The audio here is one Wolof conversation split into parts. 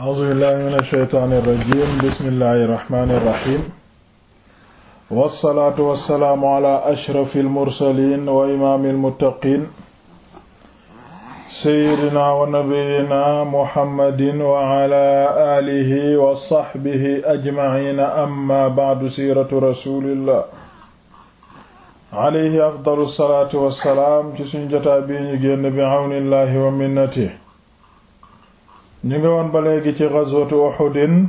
a'uuzu billaahi mina shaytaani rajiim bismillaahi rahmaani rahiim wassalaatu wassalaamu alaa ashrafil mursaliin wa imaamil muttaqiin seydina wa nabiyyina muhammadin wa ala aalihi wa saxbihi ajmaciina amma bacdu siiratu rasuulillah alayhi afdalu salaatu wassalaam ci suñu jotaay bi ñu génn bi awnillahi wa minnatihi ñu ngi woon ba léegi ci ghazwatu Uhudin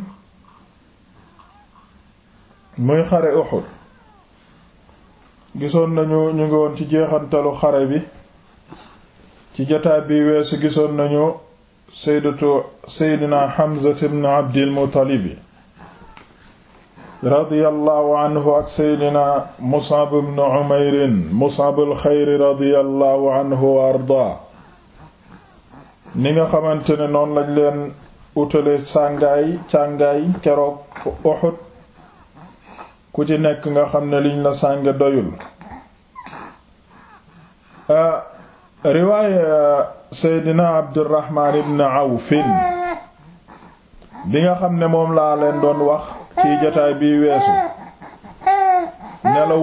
muy xare Uhud gisoon nañu ñu ngi woon ci jeexantalu xare bi ci jotaay bi weesu gisoon nañu sayyidatu sayyidina Hamza ibn Abdil Muttalib radiyallahu anhu ak sayyidina Mus'ab ibn Umayr Mus'ab al-Xayr wa ardaa ni nga xamante ne noonu lañ leen utale sàngaay càngaay keroog Uhud ku ci nekk nga xam ne liñ la sànge doyul ah, riwaaya seydina abdirahmaan ibn awfin bi nga xam ne moom laa leen doon wax ci jotaay bi weesu ne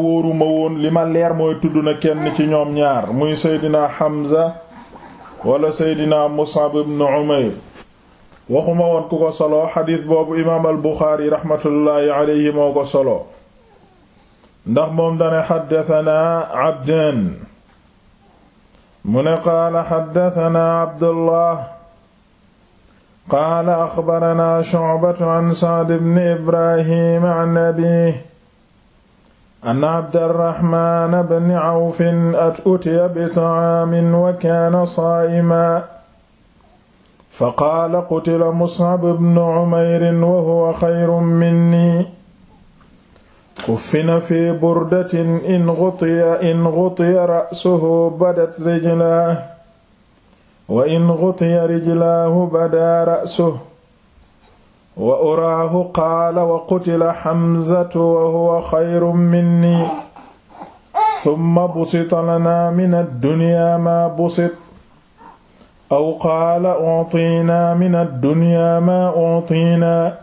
woon li ma leer mooy tudd na kenn ci ñoom ñaar muy seydina Hamza wala seydina Mus'ab ibn Umayr waxuma woon ku ko solo xadiis boobu imaam al Buxaari raxmatullaahi aleyhi ndax moom dane xaddatanaa abdaan mu ne qaala xaddatanaa Abdullah qaala axbaranaa Shu'batu an Sa'd ibn an abiihi an abdarraxmaan bni awfin at utiya bitaamin wa kaana saaimaa fa qaala qutila muscab bnu cumairin wa huwa xayru minni kuffina fi burdatin in gutiya in gutiya ra'suhu badat rijlaahu wa in gutiya rijlaahu badaa ra'suhu wa uraahu qaala wa qutila xamzatu wa huwa xayru minni summa busita lanaa min addunyaa maa busit aw qaala utinaa min addunyaa maa utinaa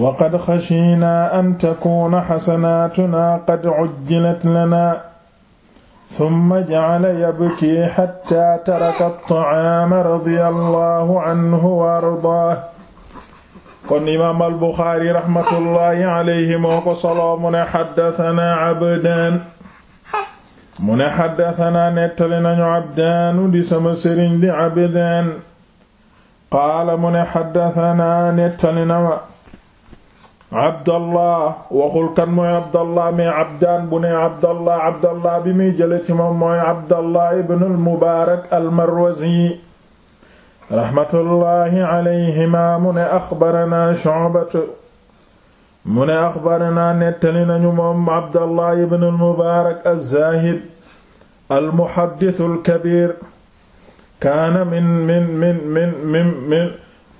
wa qad xashiinaa an takuuna xasanaatunaa qad cujjilat lanaa summa jacala yabkii xattaa taraka attacaama radiyallaahu canhu wa ardaahu kon imaam al-Buxaari raxmatullaahi alayhi moo ko solo mu ne xaddasanaa Abdaan mu ne xaddasanaa nettali nañu Abdaanu di sama sëriñ di Abdaan qaala mu ne xaddasanaa nettali na ma Abdallah waxul kan mooy Abdallah mais Abdaan bu ne Abdallah Abdallah bi muy jële ci moom mooy Abdallah ibn al-Mubaarak al-Marwazi raxmatullahi alayhima mu ne axbaranaa Shu'batu mu ne axbaranaa nettali nañu moom Abdallah ibn al-Mubaarak az-Zaahid al-Muhaddith al-Kabiir kaana min min min min min min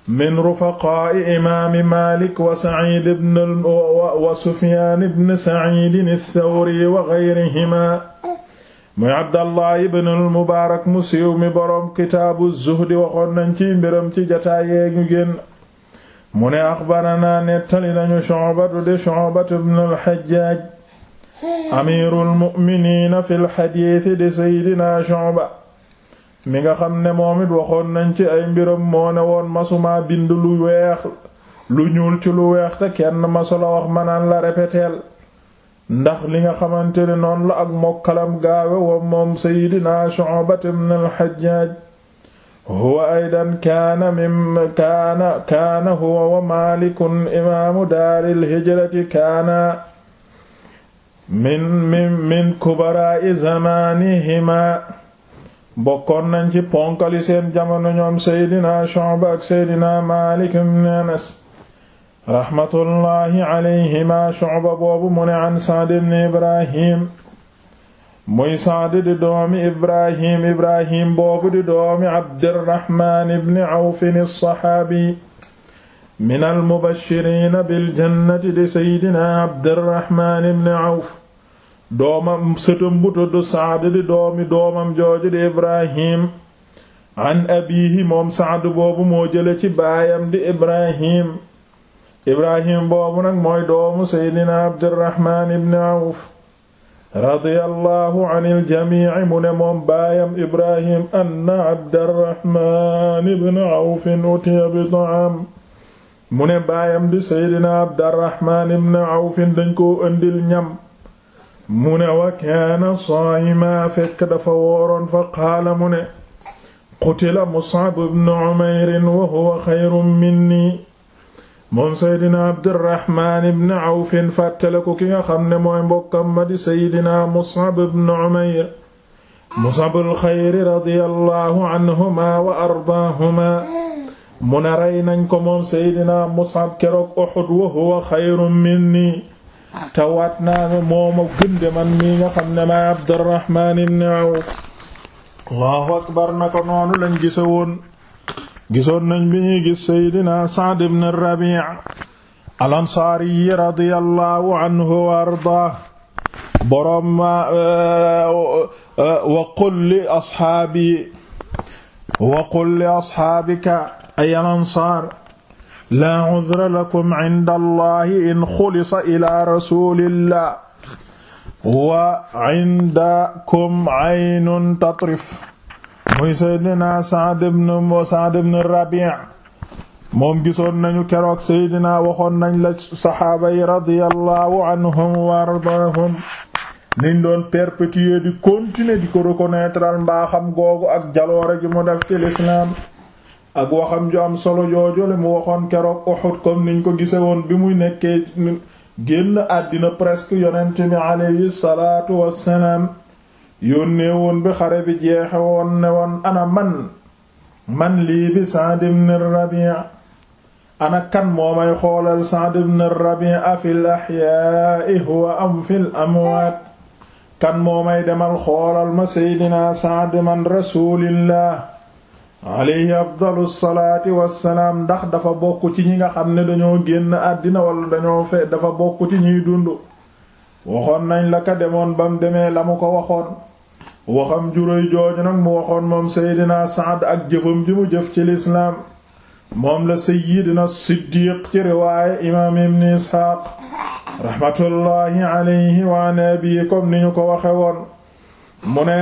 min rufaqaa'i imaami Maalik wa Sa'iid ibn wa Sufyaan ibn Sa'iid ath-Thawri wa ghayrihimaa muy abdallah ibn al mubaarak mu siiw mi boroom kitaabu zuhdi waxoon nañ ci mbiram ci jataayee ñu génn mu ne axbaranaa nettali nañu shu'batu de shu'batu ibn al hajjaaj amirul mu'miniina fil hadiisi di seydinaa shu'ba mi nga xam ne moom it waxoon nañ ci ay mbiram moo ne woon masuma bind lu weex lu ñuul ci lu weex te kenn masula wax manaan la répéteel ndax li nga xamante ne la ak mokkalam gaawe wa moom seydina Shu'bat ibn al-Hajjaj huwa aydan kaana huwa wa maalikun imaamu daari lhijrati kaana min min min kubaraa'i zamaanihima bokkoon ci ponkali seen jamono ñoom seydina Shu'ba ak Anas raxmatullahi alayhima Shu'ba boobu mu ne an Sa'd ibn Ibrahim muy Sa'd di doomi Ibrahim Ibrahim boobu di doomi Abdirraxmaan ibn Awf as-saxaabi min al-mubashiriina biljannati di Seydina Abdirraxmaan ibn Awf doomam sëtam bu tudd di doomi doomam jooju di Ibrahim an abiihi moom Sa'd boobu moo jële ci baayam di Ibrahim ibrahim boobu nag mooy doomu seydina abdirahman ibn awf radiyallahu anil jamii mu ne moom baayam ibrahim anna abdirahman ibn awf utiya bi ta'am mu ne baayam di seydina abdirahman ibn awf dañ koo ëndil ñam mu ne wa kaana saayima fekk dafa wooroon fa qaala mu ne qutila mus'ab ibn umayr wa huwa xayrun minni moom seydina abdirahmaan ibn awfin fàttaleku ki nga xam ne mooy mbokkam ma di seydina musab ibn umayr musabul xayri radiyallahu anhuma wa ardaahuma mu ne rey nañ ko moom seydina musab keroog uhud wa huwa xayrun minni tawaat naa ne mooma gënde man mii nga xam ne maay abdirahmaan ibn awf allahu akbar na ko noonu lañ gisa woon gisoon nañ bi ñuy gis seydina Sa'd ibn Rabi' al ansaari radiyallahu anhu wa ardaa boroom uh, uh, uh, wa qul li ashaabi wa qul li ashaabika ay al ansaar laa cudra lakum cinda allahi in xulisa ila rasulillah wa cindakum caynun tatrif muy seydina Sa'd ibn Sa'd ibn moom gisoon nañu keroog seydina waxoon nañ la saxaaba yi radiyallahu anhum wa ardaahum niñ doon perpétuer di continuer di ko reconnaître mbaaxam googu ak jaloore ji mu def ci lislaam ak waxam ju am solo joojole mu waxoon keroog Uhud comme niñ ko gise woon bi muy nekkee génn àddina presque yonent bi alayhi salaatu wassalaam yónnee woon bi xare bi jeexe woon ne woon ana man man lii bi Sa'd ibn Rabi' ana kan moo may xoolal Sa'd ibn Rabi' afil ahyaa'i huwa am fil amwaat kan moo may demal xoolal ma seydina Sa'd man rasulillah alayhi afdalu salaati wassalaam ndax dafa bokk ci ñi nga xam ne dañoo génn àddina wala dañoo fe dafa bokk ci ñuy dund waxoon nañ la ka demoon bam demee la mu ko waxoon waxam juróy jooju nag mu waxoon moom seydina Saad ak jëfam ji mu jëf ci lislaam moom la seydina Siddiq ci riwaaye imaam ibn Isxaaq raxmatullaahi alayhi wa nabi comme ni ñu ko waxe woon mu ne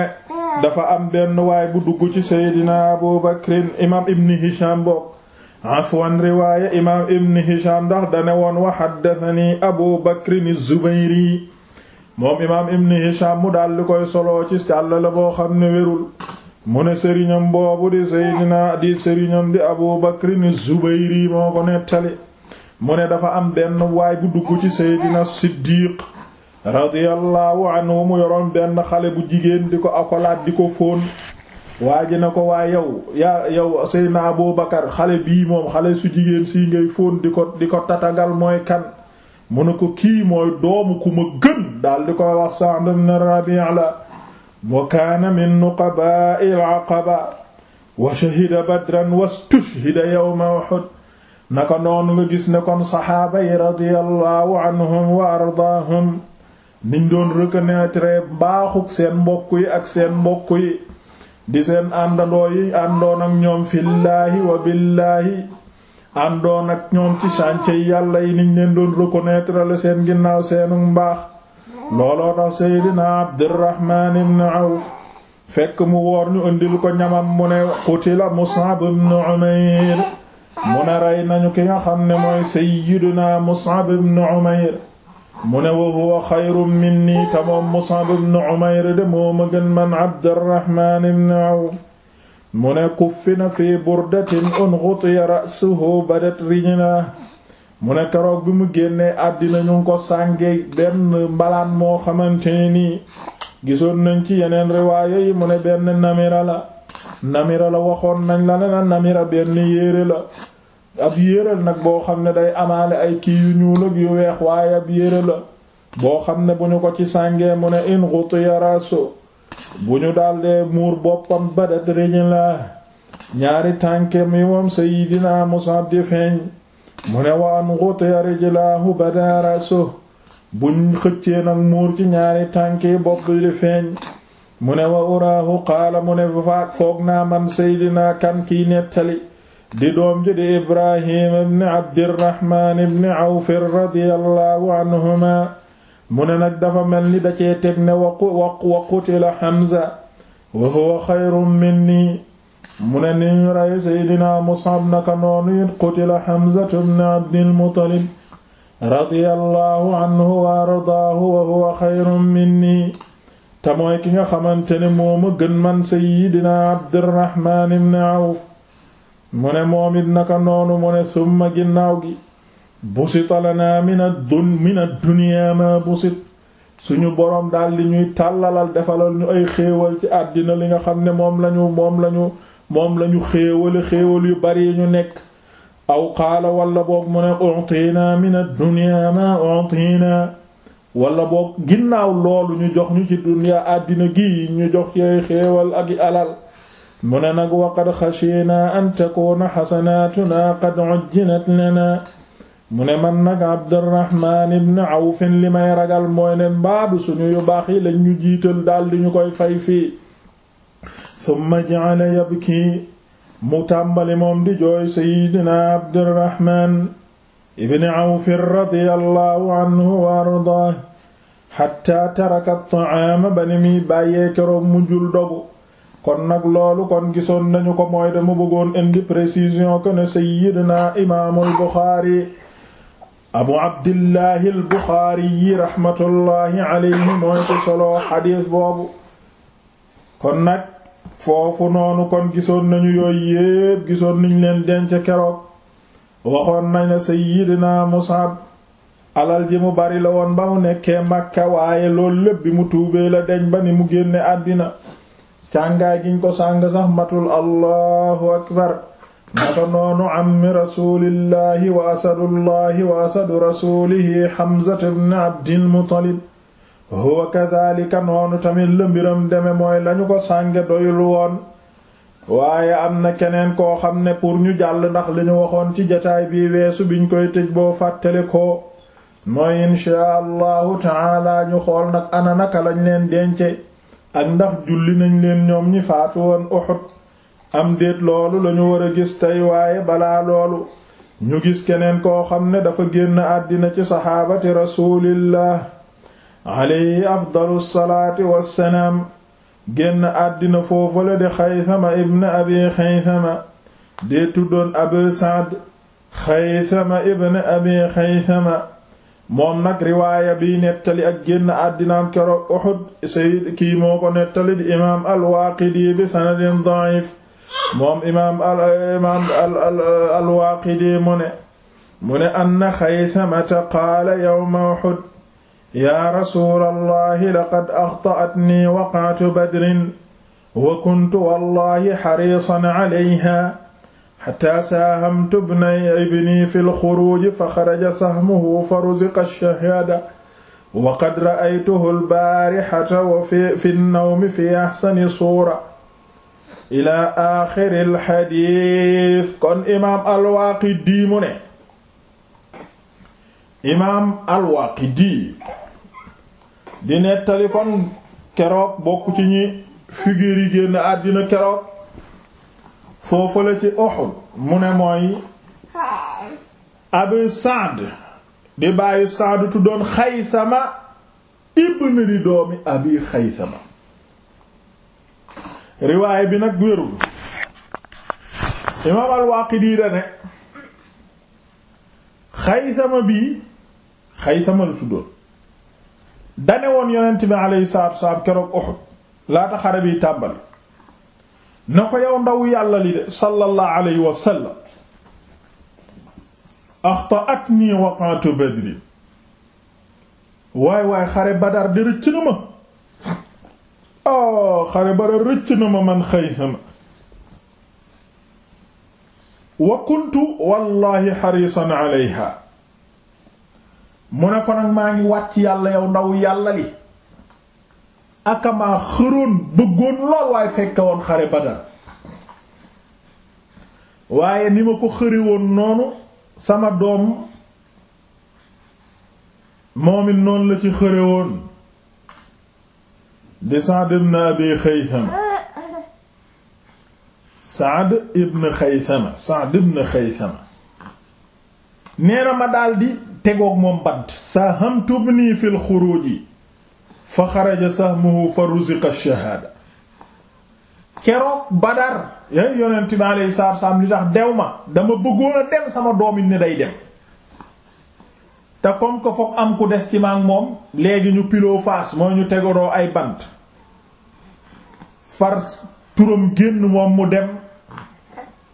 dafa am benn waay bu dugg ci seydina Abu Bakrin imaam ibn Hisham bokk afwan riwaaye imaam ibn Hisham ndax dane woon wa xaddatani Abu Bakrin az-Zubayri moom imaam ibn Hisham mu daal di koy soloo ci càlla la boo xam ne wérul mu ne sëriñam boobu di Seydina di sëriñam di Abu Bakr ni Zubayri moo ko nettali mu ne dafa am benn waay bu dugg ci Seydina Siddiq radiyallahu anhu mu yoroon benn xale bu jigéen di ko akolaat di ko fóon waa ji na ko waa yow yaa yow Seydina Abu Bakar xale bii moom xale su jigéen si ngay fóon di ko di ko tatagal mooy kan mu ko kii mooy doomu ku ma gën daal di koy wax Sa'd ibn wa kaana min nuqabaa'il aqaba wa shahida badran wastushhida yawma Uhud naka noonu nga gis ne kon saxaaba yi radiyallahu anhum wa ardaahum niñ doon reconnaître mbaaxug seen mbokk ak seen mbokk di seen àndandoo yi àndoon ak wa billaahi àndoon ak ñoom ci chantier yàlla yi niñ leen doon reconnaître la seen ginnaaw seenu mbaax looloo tax seydina Abdurrahman ibn Awf fekk mu woor ñu indil ko ñamam mu ne qutila Mus'ab ibn Umayr mu ne rey nañu ki nga xam ne mooy seydina Mus'ab ibn Umayr mu ne wa huwa minni tamoom Mus'ab ibn Umayr de moo ma gën man Abdurrahman ibn Awf mu ne kuffina fi burdatin unghutiya ra'suhu badat na mu ne keroog bi mu génnee àddina ñu ko sànge benn mbalaan moo xamante ne nii gisoon nañ ci yeneen riwaaya yi mu ne benn namira la namira la waxoon nañ la ne na namira benn yéere la ab yéeral nag boo xam ne day amaale ay kii yu ñuul yu weex waaye ab yéere boo xam ne bu ñu ko ci sàngee mu ne in ghutiya ra'su bu ñu daldee muur boppam badat rijlaa ñaari tànkem yi moom sayidina Musab di feeñ mu ne wa an ghutiya rijlaahu badaa ra'suhu buñ xëccee nag muur ci ñaari tànk yi bopp li feeñ mu ne wa uraahu qaala mu ne faat foog naa man seydinaa kan kiy di doom ji di ibrahim ibni abdirahman ibni awfir radiyallahu anhuma mu ne nag dafa mel ni da cee wa wa qutila Hamza wa huwa xayrun minni mu ne ni ñu rey Seydina Mus'ab naka noonu it qutila Hamza ibn Abdil Muttalib radiyallahu anhu wa ardaahu wa huwa xayrun minni te ki nga xamante ne mooma gën man Seydina Abdurrahmaan ibn Awf mu ne moom it naka noonu mu ne summa ginnaaw gi busita lana min ad-dun min ad-dunya busit suñu boroom daal li ñuy tàllalal defalal ñu ay xéewal ci àddina li nga xam ne moom lañu moom lañu moom lañu xéewale xéewal yu bari yi ñu nekk aw qaala wala boog mu ne utina min ad-dunya ma utina boog ginnaaw loolu ñu jox ñu ci dunya àddina gi ñu jox ci ay xéewal ak alal mu ne nag waqad xashiina an takuuna xasanatuna qad ujjinat lana mu ne man nag Abdurrahman ibn Awf li ragal mooy ne mbaadu suñu yu baax yi lañ ñu jiital daal di ñu koy fay fii summa ja'ala yabki mu tàmbali moom di jooy Seydina Abdurrahman ibn Awf radiyallahu anhu wa ardaah hatta taraka at-ta'aam ba ni muy bàyyee keroog mujjul dogu kon nag loolu kon gisoon nañu ko mooy dama bëggoon indi précision que ne Seydina Imaamul Buxaari abu abdillahi albuxaariyi raxmatullahi alayhi mooy ko solo xadiis boobu kon nag foofu noonu kon gisoon nañu yooyu yépp gisoon niñ leen denc keroog waxoon nañ ne sayyidina Musab alal ji mu bari la woon ba mu nekkee Makka waaye loolu lépp mu tuubee la deñ ba ni mu génne àddina càngaay giñ ko sàng sax matul allahu akbar naka am ammi rasulillahi wa asadullahi wa asadu rasulihi Hamzata ibn Abdil Muttalib huwa kadhalika noonu tamit la mbiram deme mooy lañu ko sànge doyul woon waaye am na keneen koo xam ne pour ñu jàll ndax li ñu waxoon ci jataay bi weesu biñ koy tëj boo fàttale ko mooy inchaa allahu taala ñu xool nag ana naka lañ leen dence ak ndax julli nañ leen ñoom ñi faatu woon Uhud am déet loolu lañu war a gis tey balaa loolu ñu gis keneen koo xam ne dafa génn àddina ci saxaabati rasulillah alayhi afdalu salaati wassalaam génn àddina foofale di xaysama ibn abi xaysama dee tuddoon abu saad xaysama ibn abi xaysama moom nag riwaaya biy nettali ak génn àddinaam keroog Uhud sayid kii moo ko nettali di imaam al bi sanadin da'if moom imaam al imaam al al-Waaqidi mu ne mu ne anna Xaysamata qaala yawma Uhud yaa rasuulallahi laqad axta'atnii waqa'atu badrin wa kuntu wallahi xariisan calayhaa xattaa saahamtu ibnii fil xuruuji fa xaraja sahmuhu fa ruziqa ash-shahaada wa qad ra'aytuhu al-baarihata wa fi fi an-nawmi fi axsani suura ila axiril xadiis kon imaam al-Waaqidi mu ne imaam al-Waaqidi di nettali kon keroog bokk ci ñi figure yi génn àddina keroog foofu la ci Uhud mu ne mooy Abu Saad di bàyyi Saad tuddoon Xaysama ibn di doomi Abi Xaysama riwaay bi nag wérul imaam al-Waaqidi da ne xaysama bii xaysama lu tuddoon dane woon yonent bi alayhi salaatu wassalaam keroog Uhud laata xare bi tàmbali na ko yow ndaw yàlla li de sallallahu alayhi wa sallam axta'atnii waqa'atu Badr waay waay xare Badar dërëcc na ma oh xare bara rëcc na ma man xaysama wa kuntu wallahi xarisan alayha mu ne ko nag maa ngi wàcc yàlla yow ndaw yàlla li akamaa xëroon bëggoon lool waaye fekke woon xare badar waaye ni ma ko xëri woon noonu sama doom moom noonu la ci xëre woon di Saad ibn Abi Saad ibn Xaysama nee na ma daldi tegoog moom bant sahamtu ibni fil xuruuji fa xaraja sahmuhu fa ruziqa shahaada keroog Badar yay yonent bi alayhi salaatu wa salaam tax dew ma dama bëggoon dem sama doomi ne day dem te comme que foog am ku des ci maag moom léegi ñu piloo faas mooy ñu tegaroo ay bant far turam génn moom mu dem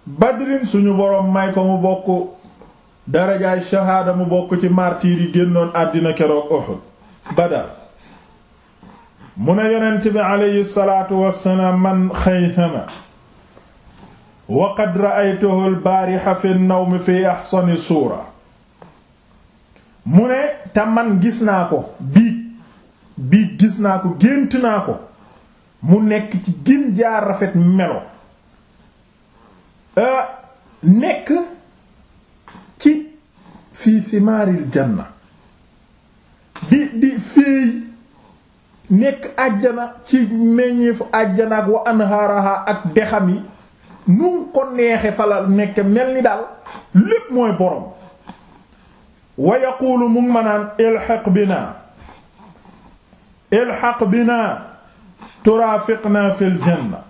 badrin suñu boroom may ko mu bokk darajaay shahaada mu bokk ci martyr yi génnoon àddina keroog Uhud badar mu ne yonent bi aleyhi salaatu wassalaam man xaysama wa qad ra'aytuhu al-baariha fi an-nawm fi ahsani suura mu ne te man gis naa ko biig biig gis naa ko gént naa ko mu nekk ci gin jaar rafet melo euh, nekk ci fii simaaril janna di di féey nekk àjjana ci meññeefu àjjana ak wa anhaaraha ak dexam yi nu ko neexe falal nekk mel ni daal lépp mooy borom wa yaquulu mu ngi bi naan ilxaq bi ilxaq bina turaafiqna fil janna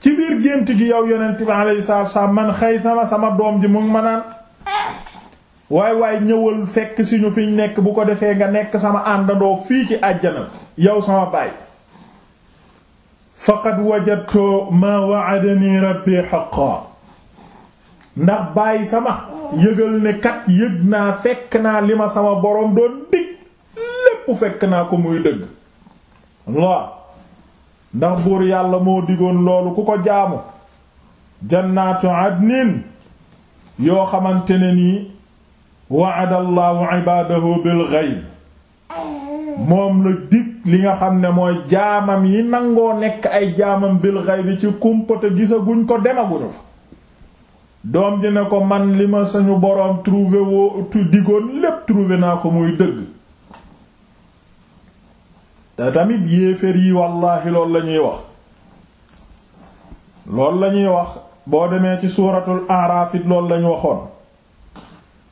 ci biir gént gi yow yonent bi alayhi salaatu wasalaam sama doom ji mu ngi ma waay waay ñëwal fekk si ñu fiñ nekk bu ko defee nga nekk sama àndandoo fii ci àjjana yow sama baay faqad wajadtu maa wa'adani rabbi haqqan ndax bàyyi sama yëgal ne kat yëg naa fekk naa li ma sama borom doon dig lépp fekk naa ko muy dëgg waaw ndax buur yàlla moo digoon loolu ku ko jaamu jannaatu adnin yoo xamante ne nii wa'adallahu ibaadahu bil ghayb moom la dig li nga xam ne mooy jaamam yi nangoo nekk ay jaamam bil bi ci kumpa te gisaguñ ko demaguñu fa doom ji ko man li ma sañu boroom trouvé woo tu digoon lépp trouvé naa ko muy dëgg te tamit yéeféer yi wallaahi loolu la ñuy wax loolu la ñuy wax boo demee ci suuratul aaraaf it loolu lañu waxoon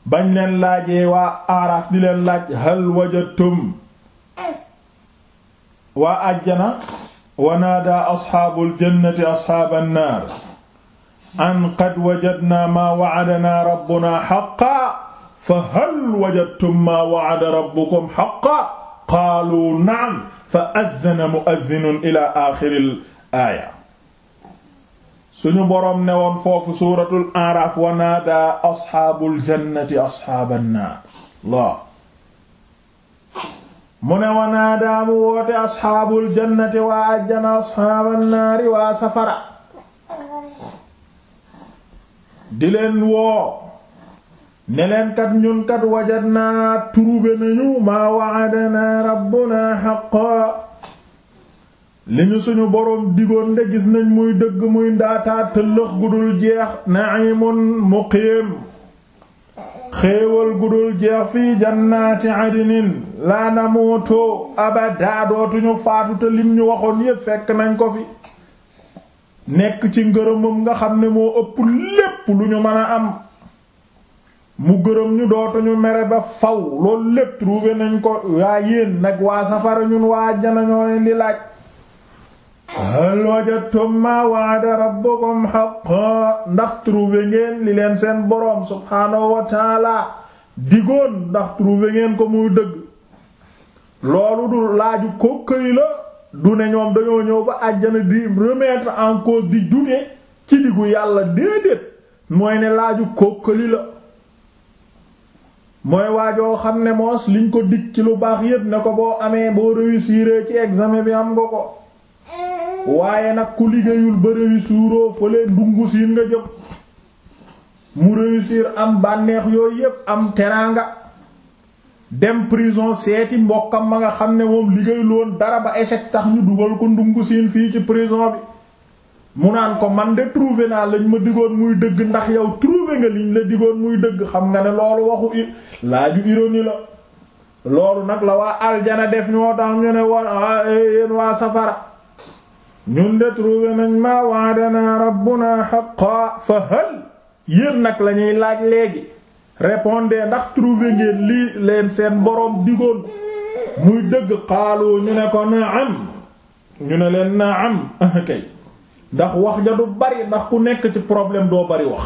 bañ leen laajee waa aaraaf di leen laaj hal wajatum waa àjjana wa naadaa asxaabul jannati asxaaban naar an qad wajadna maa wa'adana rabbuna haqqan fa hal wajadtum maa wa'ada rabbukum haqqan qaalu na'am fa adhana mu'adhinun ila aaxiril aaya suñu boroom ne woon foofu suuratul A'raaf wa naadaa asxaabul jannati asxaaban naar la mu ne wa naadaa mu woote asxaabul jannati waa ajjana asxaaban naari waa safara di leen woo ne leen kat ñun kat wajadnaa trouvé nañu maa wa'adana rabbuna haqqan li ñu suñu boroom digoon de gis nañ muy dëgg muy ndaataa tëllëx gudul jeex na'imun muqiim xéewal gudul jeex fii jannaati adnin laa namuutu abadaa dootuñu faatu te ñu waxoon yépp fekk nañ ko fi nekk ci ngërëmam nga xam ne moo ëpp lépp lu ñu mën a am mu gërëm ñu dootuñu mere ba faw loolu lépp trouvé nañ ko waa yéen nag waa safara ñun waa jana ñoo leen di laaj hal wajadtum ma wa'ada rabbukum haqqan ndax trouvé ngeen li leen seen boroom subhaanahu wa digoon ndax trouvé ngeen ko muy dëgg loolu du laaju ko këy du ne ñoom dañoo ñëw ba àjjana di remettre en cause di dute ci diggu yàlla déedéet mooy ne laaju kókkali la mooy waajoo xam ne moos liñ ko dig ci lu baax yépp ne ko boo amee boo réussir ci examen bi am nga ko waaye nag ku liggéeyul ba réussiroo fële ndungu siin nga jëm mu réussir am bànneex yooyu yépp am teraanga dem prison seeti mbokkam ma nga xam ne moom liggéey loon dara ba échec tax ñu dugal ko ndungu siin fii ci prison bi mu naan ko man de trouvé naa lañ ma diggoon muy dëgg ndax yow trouvé nga liñ la digoon muy dëgg xam nga ne loolu waxu i laaju ironie la loolu nag la waa aljana def ñoo tax ñu ne woon ah, eh, yéen waa safara ñun de trouvé nañ ma waadana rabbuna haqqan fa hal yéen nag lañuy laaj léegi répondez ndax trouvé ngeen lii leen seen boroom digoon muy dëgg xaaloo ñu ne ko naam ñu ne leen am kay ndax wax ja du bari ndax ku nekk ci problème doo bari wax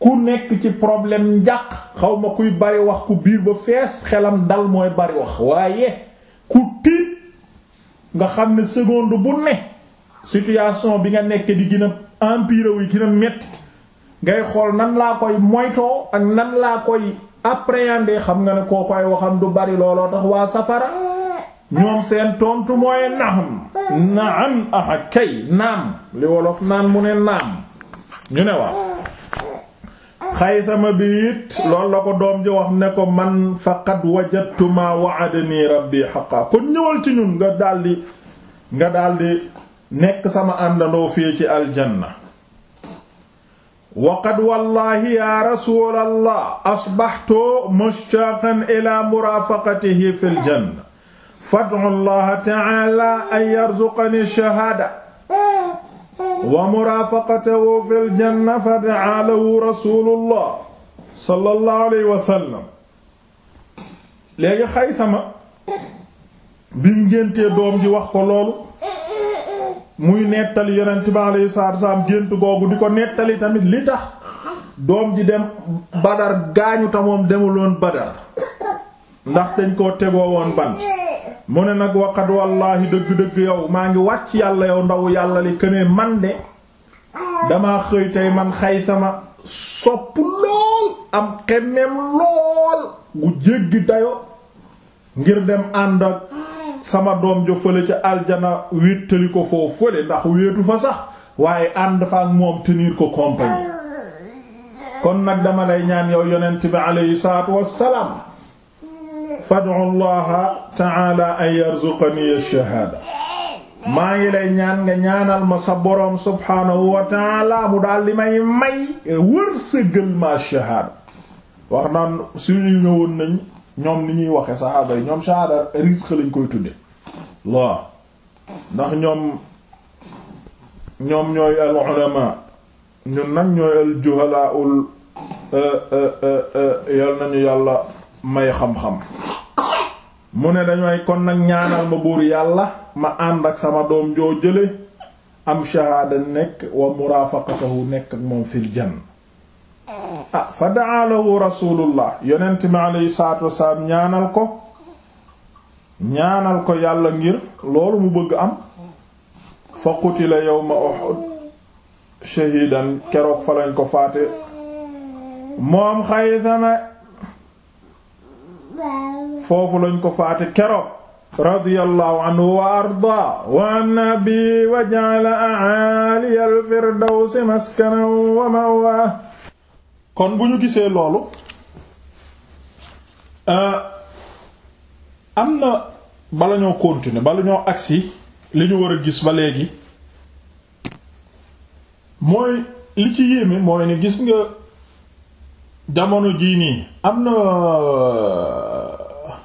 ku nekk ci problème njàq xaw ma kuy bari wax ku biir ba fees xelam dal mooy bari wax waaye ku nga xam ne seconde bu ne situation bi nga nekk di gën a empiré wu gën metti ngay xool nan laa koy moytoo ak nan laa koy appréhender xam nga ne koo koy waxam du bari looloo tax waa safara ñoom seen tontu mooy naam naam aha kay naam li wolof naan mu ne naam ñu ne wax waaw xaysama biit lool la ko doom ji wax ne ko man faqad wajadtu ma wa'adani rabbi haqqan kon ñëwal ci ñun nga daldi nga daldi nekk sama àndandoo fii ci aljanna waqad wallahi ya rasulallah asbaxtu mushtaqan ila murafaqatihi fil janna fad'u allah ta'ala an yarzuqani shahaada wa murafaqatahu fil janna fad'a lahu rasulullah sallallahu alayhi wa sallam léegi Xaysama bi mu géntee doom ji wax ko loolu muy nettali yeneen bi alayhi salaatu wassalaam gént googu di ko nettali tamit li tax doom ji dem badar gaañu ta moom demuloon badar ndax dañ koo tegoo woon ban mu ne nag waqat wallaahi dëgg-dëgg yow maa ngi wàcc yàlla yow ndaw yàlla li kënee man de dama xëy tey man xay sama sopp lool am xemmem lool gu jéggi dayo ngir dem ànd sama doom jo fële ca aljana wéttali ko foofu fële ndax wéetu fa sax waaye ànd fa ak moom tenir ko compagnie kon nag dama lay ñaan yow yonent bi aleyhi salaatu wassalaam fad'u allaha ta'ala an yarzuqani ash-shahada ngi lay ñaan nga ñaanal ma sa boroom subhaanahu wa ta'ala mu daal di may may wërsëgal ma ash-shahada wax naan suñu ñëwoon nañ ñoom ni ñuy waxe saxaaba yi ñoom shahada risque lañ koy tudde waaw ndax ñoom ñoom ñooy al ulama ñun nag ñooy al juhala ul euh, euh, euh, yal nañu yàlla may xam-xam mu ne dañooy kon nag ñaanal ma buur yàlla ma ànd ak sama doom joo jële am shahada nekk wa murafaqatahu nekk ak moom fil janna ah fa daalahu rasulullah yonent mi aleyhi salaatu ñaanal ko ñaanal ko yàlla ngir loolu mu bëgg am fa qutila yawma uhud shahidan keroog fa lañ ko faate moom xaysama foofu lañ ko faate keroog radiyallahu anhu wa arda wa annabi wa ja'ala a'ali al-firdawsi maskanan wa ma'wa kon bu ñu gisee loolu euh, am na bala ñoo continuer bala ñoo agsi li ñu war a gis ba léegi mooy li ci yéeme mooy ne gis nga jamono jii nii am na euh,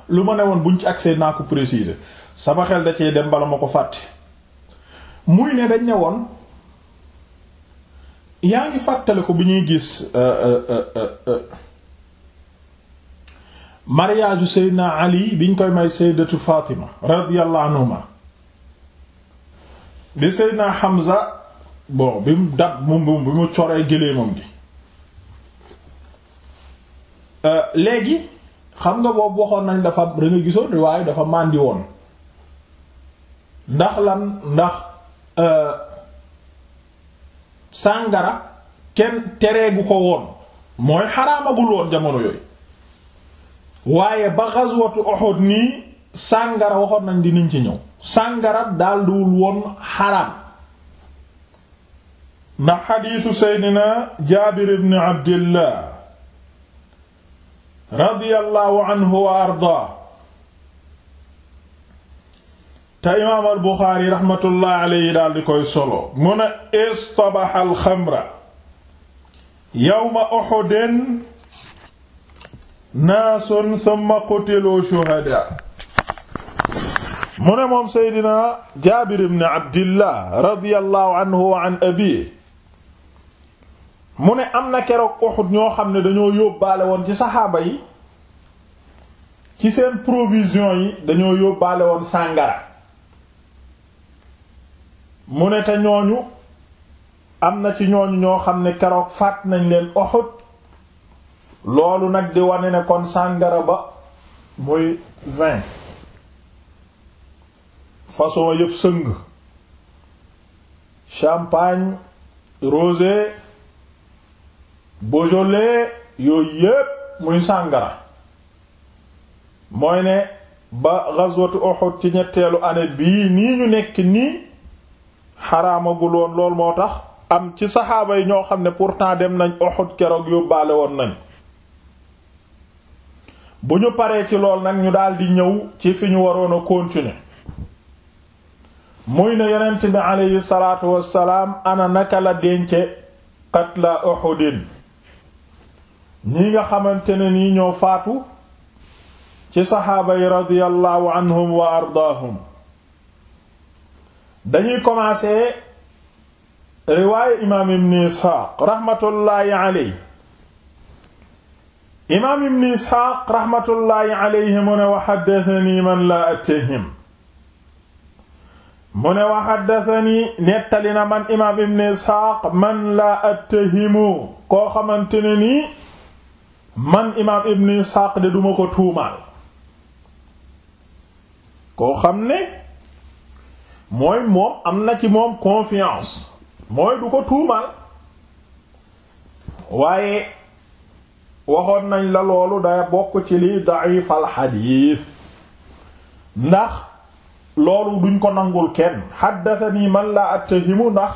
lu ma ne woon buñ ci agsee naa ko préciser sama xel da cee dem bala ma ko fàtte muy ne dañ ne woon yaa ngi fàttale ko bi ñuy gis euh, euh, euh, mariage naa Ali biñ koy may Sayyidatu Fatima radiyallahu anhuma bi Seydina Hamza bon bi mu dab mu bi mu coree géléemam gi léegi xam nga boobu waxoon nañ dafa da gisoon waaye dafa màndi woon ndax lan ndax sàngara kenn tereegu ko woon mooy xaraamagul woon jamono yooyu waaye ba ghazwatu Uhud nii sàngara waxoon nañ dinañ ci ñëw sàngara daldiwul woon xaraam ndax xadiisu seydina Jaabir ibn Abdillah radiyallahu anhu wa ardaa te imaam al buxaari raxmatullahi daal di koy solo mu ne istabaxa al xamra yawma uhudin naasun summa qutilu mu ne moom seydina jaabir ibn abdillah radiyallahu anhu wa an mu ne am na keroog Uhud ñoo xam ne dañoo yóbbaale woon ci saxaaba yi ci seen provision yi dañoo yóbbaale woon sàngara mu ne te ñooñu am na ci ñooñu ñoo xam ne keroog faat nañ leen Uhud loolu nag di wane ne kon sàngara ba muy vin façon yépp sëng champagne rosé beaujolais yooyu yépp muy sàngara mooy ne ba ghazwatu Uhud ci ñetteelu année bii nii ñu nekk nii xaraamagul woon lool moo tax am ci saxaaba yi ñoo xam ne pour pourtant dem nañ Uhud keroog yóbbaale woon nañ bu ñu paree ci lool nag ñu daldi ñëw ci fi ñu waroon a continuer muy ne yonent bi aleyhi salaatu wassalaam ana naka la dence qatla Uhudin ñi nga xamante ne nii ñoo faatu ci saxaaba yi radiyallahu anhum wa ardaahum dañuy commencer riwaaye imaam ibn isxaaq raxmatullaahi aley imaam ibn isxaaq raxmatullaahi aleyhi mu ne wa man la attahim mu ne wa nettali na man imaam ibn isxaaq man laa attahimu koo xamante ne nii man imaam ibn isxaaq de duma ko tuumaal koo xam ne mooy moom am na ci moom confiance mooy du ko tuumaal waaye waxoon nañ la loolu day bokk ci li da'if al xadiis ndax loolu duñ ko nangul kenn xaddathani man laa la attahimu ndax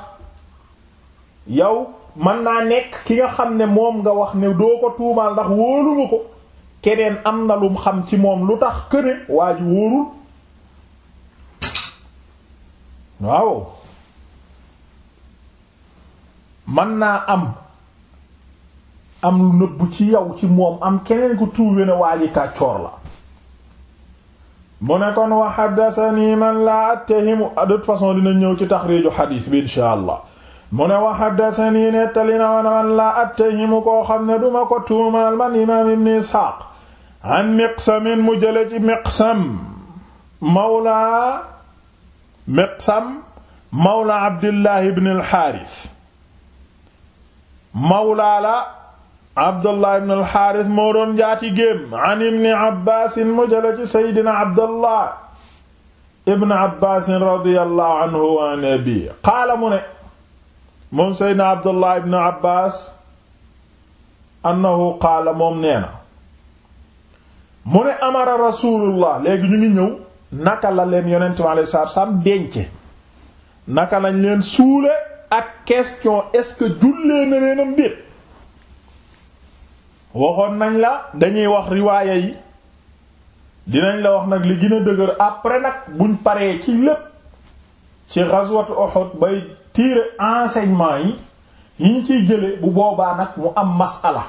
yow mën naa nekk ki nga xam ne moom nga wax ne doo ko tuumaal ndax wóolu ko keneen am na lum xam ci moom lu tax këne waa wóorul waaw mën naa am am lu ci yow ci moom am keneen ku tuube ne waa ji kàccoor la mu ne kon wa man laa attahimu ah, de toute façon dina ñëw ci taxriiju xadiis bi insha allah mu ne wa nettali na woon man laa attahimu koo xam ne duma ko tuumaal man imaam ibn isxaaq an miqsamin mu jële ci miqsam mawlaa Mibsam mawla Abdullah ibn al-Haaris mawla la Abdullah ibn al-Haaris moo doon jaati géem an ibn Abbaas mu jële ci Seydina Abdullah ibn Abbaas radiyallahu anhu wa an abiihi qaala mu ne moom Seydina Abdullah ibn Abbaas annahu qaala moom nee na mu ne amara rasulullah léegi ñu ngi ñëw naka la leen yonent mi alayhi salaatu salaam denc naka lañ leen suule ak question est-ce que jullee na leen am mbir waxoon nañ la dañuy wax riwaaya yi dinañ la wax nag li gën a dëgër après nag buñ paree ci lépp ci ghazwat Uhud bay tiire enseignement yi yiñ ci jële bu boobaa nag mu am masala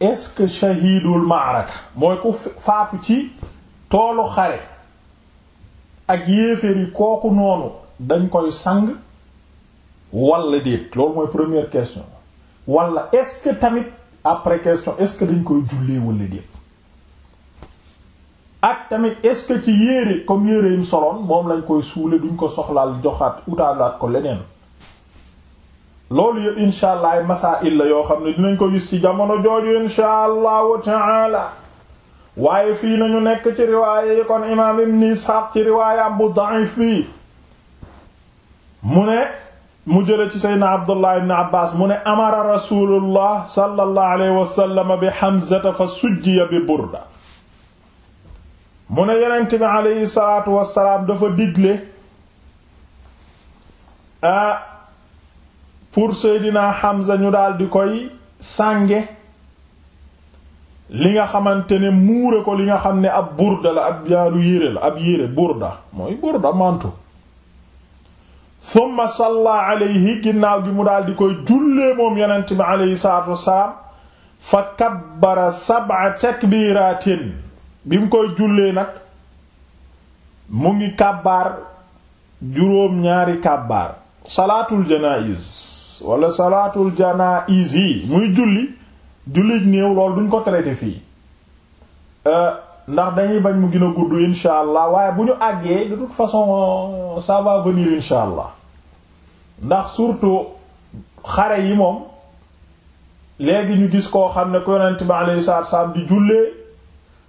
est-ce que shahidul ma'raka mooy ku faatu ci toolu xare ak yéeféer yi kooku noonu dañ koy sang walla déet loolu mooy première question walla est-ce que tamit après question est-ce que dañ koy jullee walla déet ak tamit est-ce que ci yére comme yére yim soloon moom lañ koy suule duñ ko soxlaal joxaat utaalaat ko leneen loolu yo insha allah ay masaa-il yoo xam ne dinañ ko gis ci jamono jooju insha allahu taala waaye fii nañu nekk ci riwaaya yi kon imaam ibn Isxaaq ci riwaayam bu da'if bi mu ne mu jële ci seydna Abdullah ibn Abbaas mu ne amara rasulullah sallallahu alayhi wa sallam bi Hamzata fa sujjiya bi burda mu ne yonent bi aleyhi salaatu wassalaam dafa digle a ah, pour seydina Hamza ñu daal di koy sànge li nga xamante ne muure ko li nga xam ne ab burda la ab jaaru yére la ab yére burda mooy burda mantu thumma salla alayhi ginnaaw gi mu daal di koy jullee moom yonent bi alayhi salaatu wassalaam fa kabbara sab'a takbiraatin bi mu koy jullee nag mu ngi kàbbaar juróom ñaari kàbbaar salaatul janaa'iz wala salaatul janaa'iz yi muy julli jullit néew lool duñ ko traité fii euh, ndax dañuy bañ mu gën a gudd insha allah waaye bu ñu àggee de toute façon euh, ça va venir insha allah ndax surtout xare yi moom léegi ñu gis koo xam ne ko yonent bi alayhi salaatu wassalaam di jullee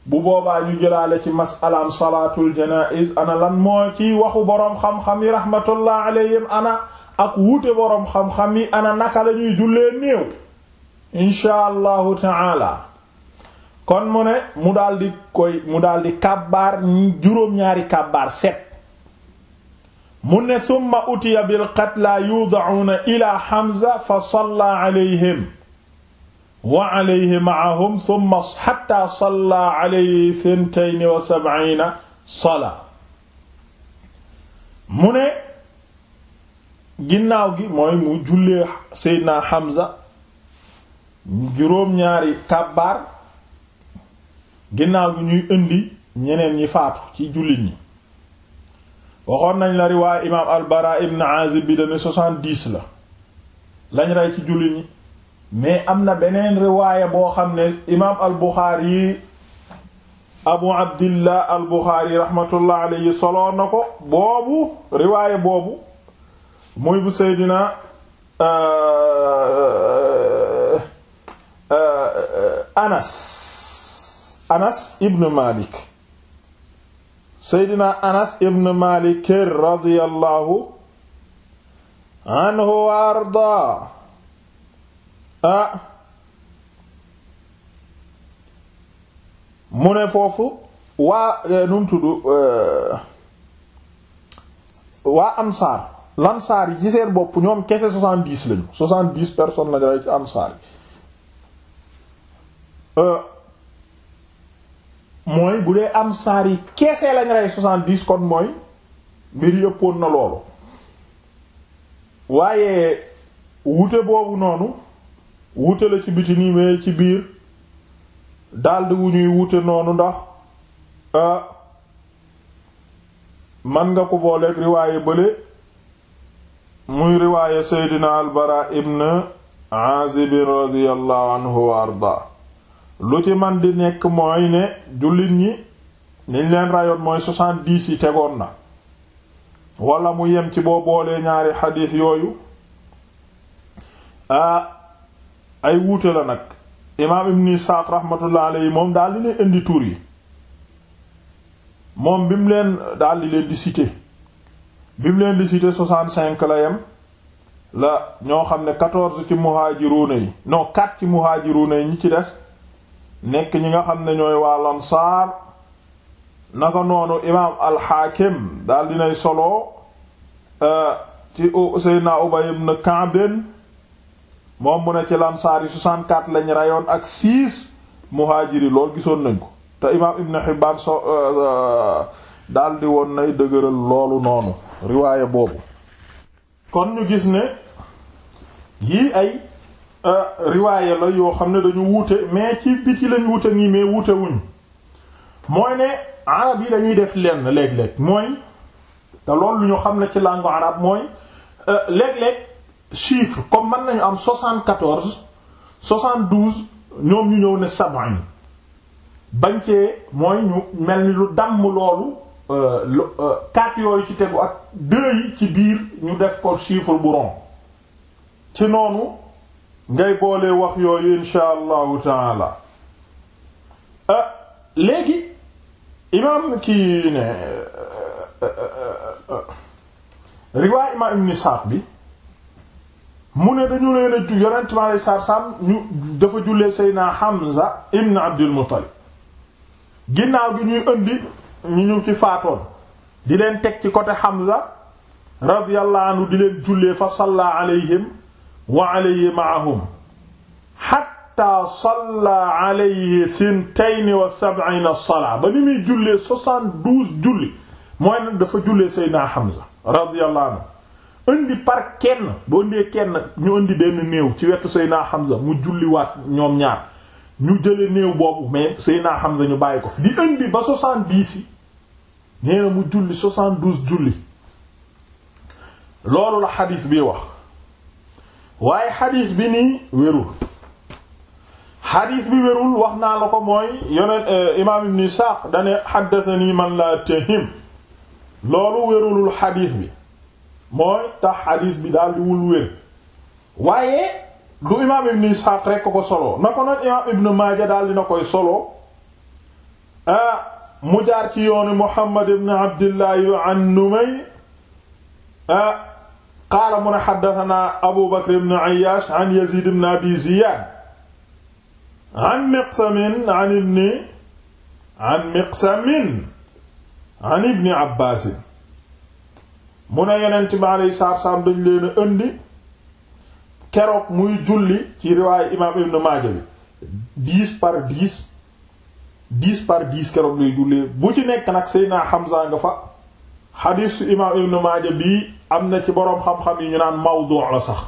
bu boobaa ñu jëlaale ci massalaam salaatul janaiz ana lan moo ci waxu boroom xam-xam yi rahmatullah alayhim ana ak wuute boroom xam-xam yi ana naka lañuy ñuy jullee néew insha allahu taala kon mu ne mu daldi koy mu juróom-ñaari kàbbaar set mu ne summa utiya bil qatla yudacuuna ila Hamza fa salla alayhim wa alayhi maahum summa xatta salla alayhi sintayni mu ne ginnaaw gi mooy mu jullee Seydina Hamza juróom-ñaari kàbbaar ginnaaw gi ñuy indi ñeneen ñi faatu ci jullit ñi waxoon nañ la riwaay imaam al-Bara ibn Azib bi dane la lañ rey ci jullit ñi mais am na beneen riwaaya boo xam ne imaam al-Bukhari yi abu abdillah al-Bukhari rahmatullah alayhi soloo na ko boobu riwaaya boobu muy bu seydina euh, Euh, euh, anas anas ibn malik seydina anas ibn malik radiyallahu anhu wa ah. mu ne foofu waa eh, nu mu tudd eh, waa ansaar lansaar yi ci seen bopp ñoom kese soixante-dix lañu soixante-dix personnes lañu rey ansaar yi Euh, mooy bu dee am saar yi keesee lañ rey soixante-dix kon mooy mbir yëppoon na loolu waaye wute boobu noonu wute la ci biti nii mais ci biir daldi wu ñuy wute noonu ndax euh, man nga ko booleeg riwaaye bële muy riwaaye seydina albara ibn azib anhu arda lu ci man di nekk mooy ne jullit ñi niñ leen rayoon mooy soixante-dix yi tegoon na wala mu yem ci boo boolee ñaari xadiis yooyu a ah, ay wuute la nag imaam ibn Isaaq rahmatullah alayhi moom daal di leen indi tuur yi moom bi mu leen daal di leen di citer bi leen di citer soixante-cinq la yem la ñoo xam ne quatorze ci muhaajiruuna yi non quatre ci muhaajiruuna yi ñi ci des nekk ñi nga xam ne ñooy waa lansaar naka noonu imaam alxaakim daal dinay solo euh, ci Seydina Ubay ibn Ka'b moom mu ne ci lansaar yi 64 lañ rayoon ak 6 muhaajiri lool gisoon nañ ko te imaam ibn Hibbaan so euh, euh, daal di woon nay dëgëral loolu noonu riwaaya boobu kon ñu gis ne yii ay Euh, riwaaye la yoo xam ne dañu wuute mais ci biti lañ wuute nii mais wuute wuñ mooy ne arab yi dañuy def lenn léeg-léeg mooy te loolu lu ñu xam ne ci langue arabe mooy euh, léeg-léeg chiffre comme mën nañu am soixante-quatorze soixante-douze ñoom ñu ñëw ne sab'in bañ cee mooy ñu mel ni lu damm loolu euh, lu quatre yooyu ci tegu ak deux yi ci biir ñu def ko chiffre bu rond ci noonu ngay boole wax yooyu insha allahu taala ah, léegi imaam kii ne riwaay imaam ibn Sa'd bi mu ne dañu leen a ju yonent ma saar saam ñu dafa jullee Seydina Hamza ibn Abdul Muttalib ginnaaw gi ñuy ëndi ñu ñu ci faatoon di leen teg ci côté Hamza radiyallahu anhu di leen jullee fa salla alayhim wa alayhi ma'ahum xatta salla alayhi sintayni wa sab'ina salaa ba ni muy jullee soixante-douze julli mooy nag dafa jullee Seydina Hamza radiyallahu anhu indi par kenn boo indee kenn ñu indi benn néew ci wetu Seydina Hamza mu julliwaat ñoom ñaar ñu jële néew boobu mais Seydina Hamza ñu bàyyi ko fi di indi ba soixante-dix yi nee mu julli soixante-douze julli loolu la xadiis bi wax waaye xadiis bi nii wérul xadiis bi wérul wax naa la ko mooy yoneen euh, imaam ibn Isaaq dane xaddatani man la tehim loolu wérulul xadiis bi mooy tax xadiis bi daal di wul wér waaye du imaam ibn Isaaq rekk ko solo na ko noon imaam ibn Maaja daal dina koy solo ah, mu jaar ci yoonu Muhammad ibn Abdillahi an Numay ah, qaala mu ne xaddatanaa Abu Bakr ibn Ayyaash an Yaziid ibn Abi Ziyaad an miqsamin an ibni an miqsamin an ibni abbaasin mu ne yonent bi alayhi salaatu wasalaam dañ leen a indi keroog muy julli ci riwaayu imaam ibn Maaja bi dix par dix par dix keroog lay jullee bu ci nekk nag Seydina Hamza nga fa xadiisu imaam ibn Maaja bii am na ci boroom xam-xam yi ñu naan mawdu' la sax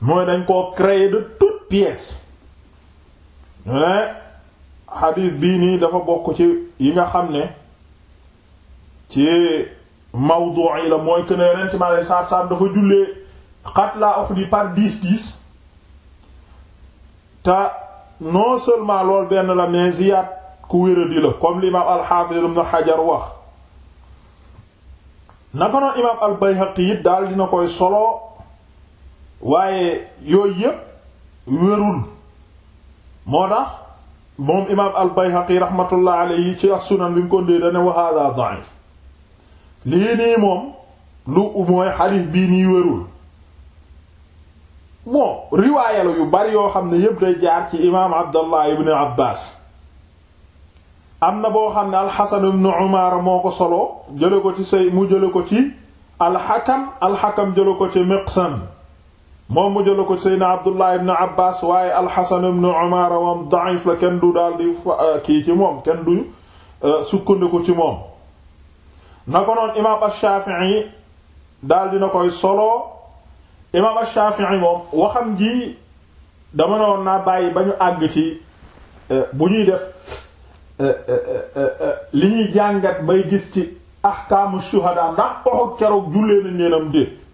mooy dañ koo créer de toutes ne bii nii dafa bokk ci yi nga xam ne ci mawduu la mooy que ne yonent ma alayhi salaatu salaam dafa jullee xatlaa Uhud par dix dix te non seulement lool benn la mais ziyaat ku wéradi la comme l'imam al-Hafiz ibn Hajar wax naka noonu imam al-Bayhaqi it daal dina koy solo waaye yooyu yépp wérul moo tax moom imaam al-Bayhaqi rahmatullah alayhi ci as-Sunan bi mu ko ndee dane wa hada da'if lii nii moom lu mooy xadiis bii nii wérul bon riwaaya yu bari yoo xam ne yépp day jaar ci imaam Abdallah ibn Abbas am na boo xam ne alxasan ibn Umar moo ko solo jële ko ci say mu jële ko ci alxakam alxakam jële ko ci Miqsam moom mu jëla ko seydna abdullah ibn abbas waaye alxasan ibn umar moom da'if la kenn du daal di euh, kii ci moom kenn du euh, sukkandiku ci moom na ko noon imaam ash-shafi'i daal dina koy solo imaam ash-shafi'i moom waxam ji dama ne woon naa bàyyi ba ñu àgg ci euh, bu ñuy def li ñuy jàngat bay gis ci ahkaamu shuhada ndax oxo keroog jullee nañ neenam déet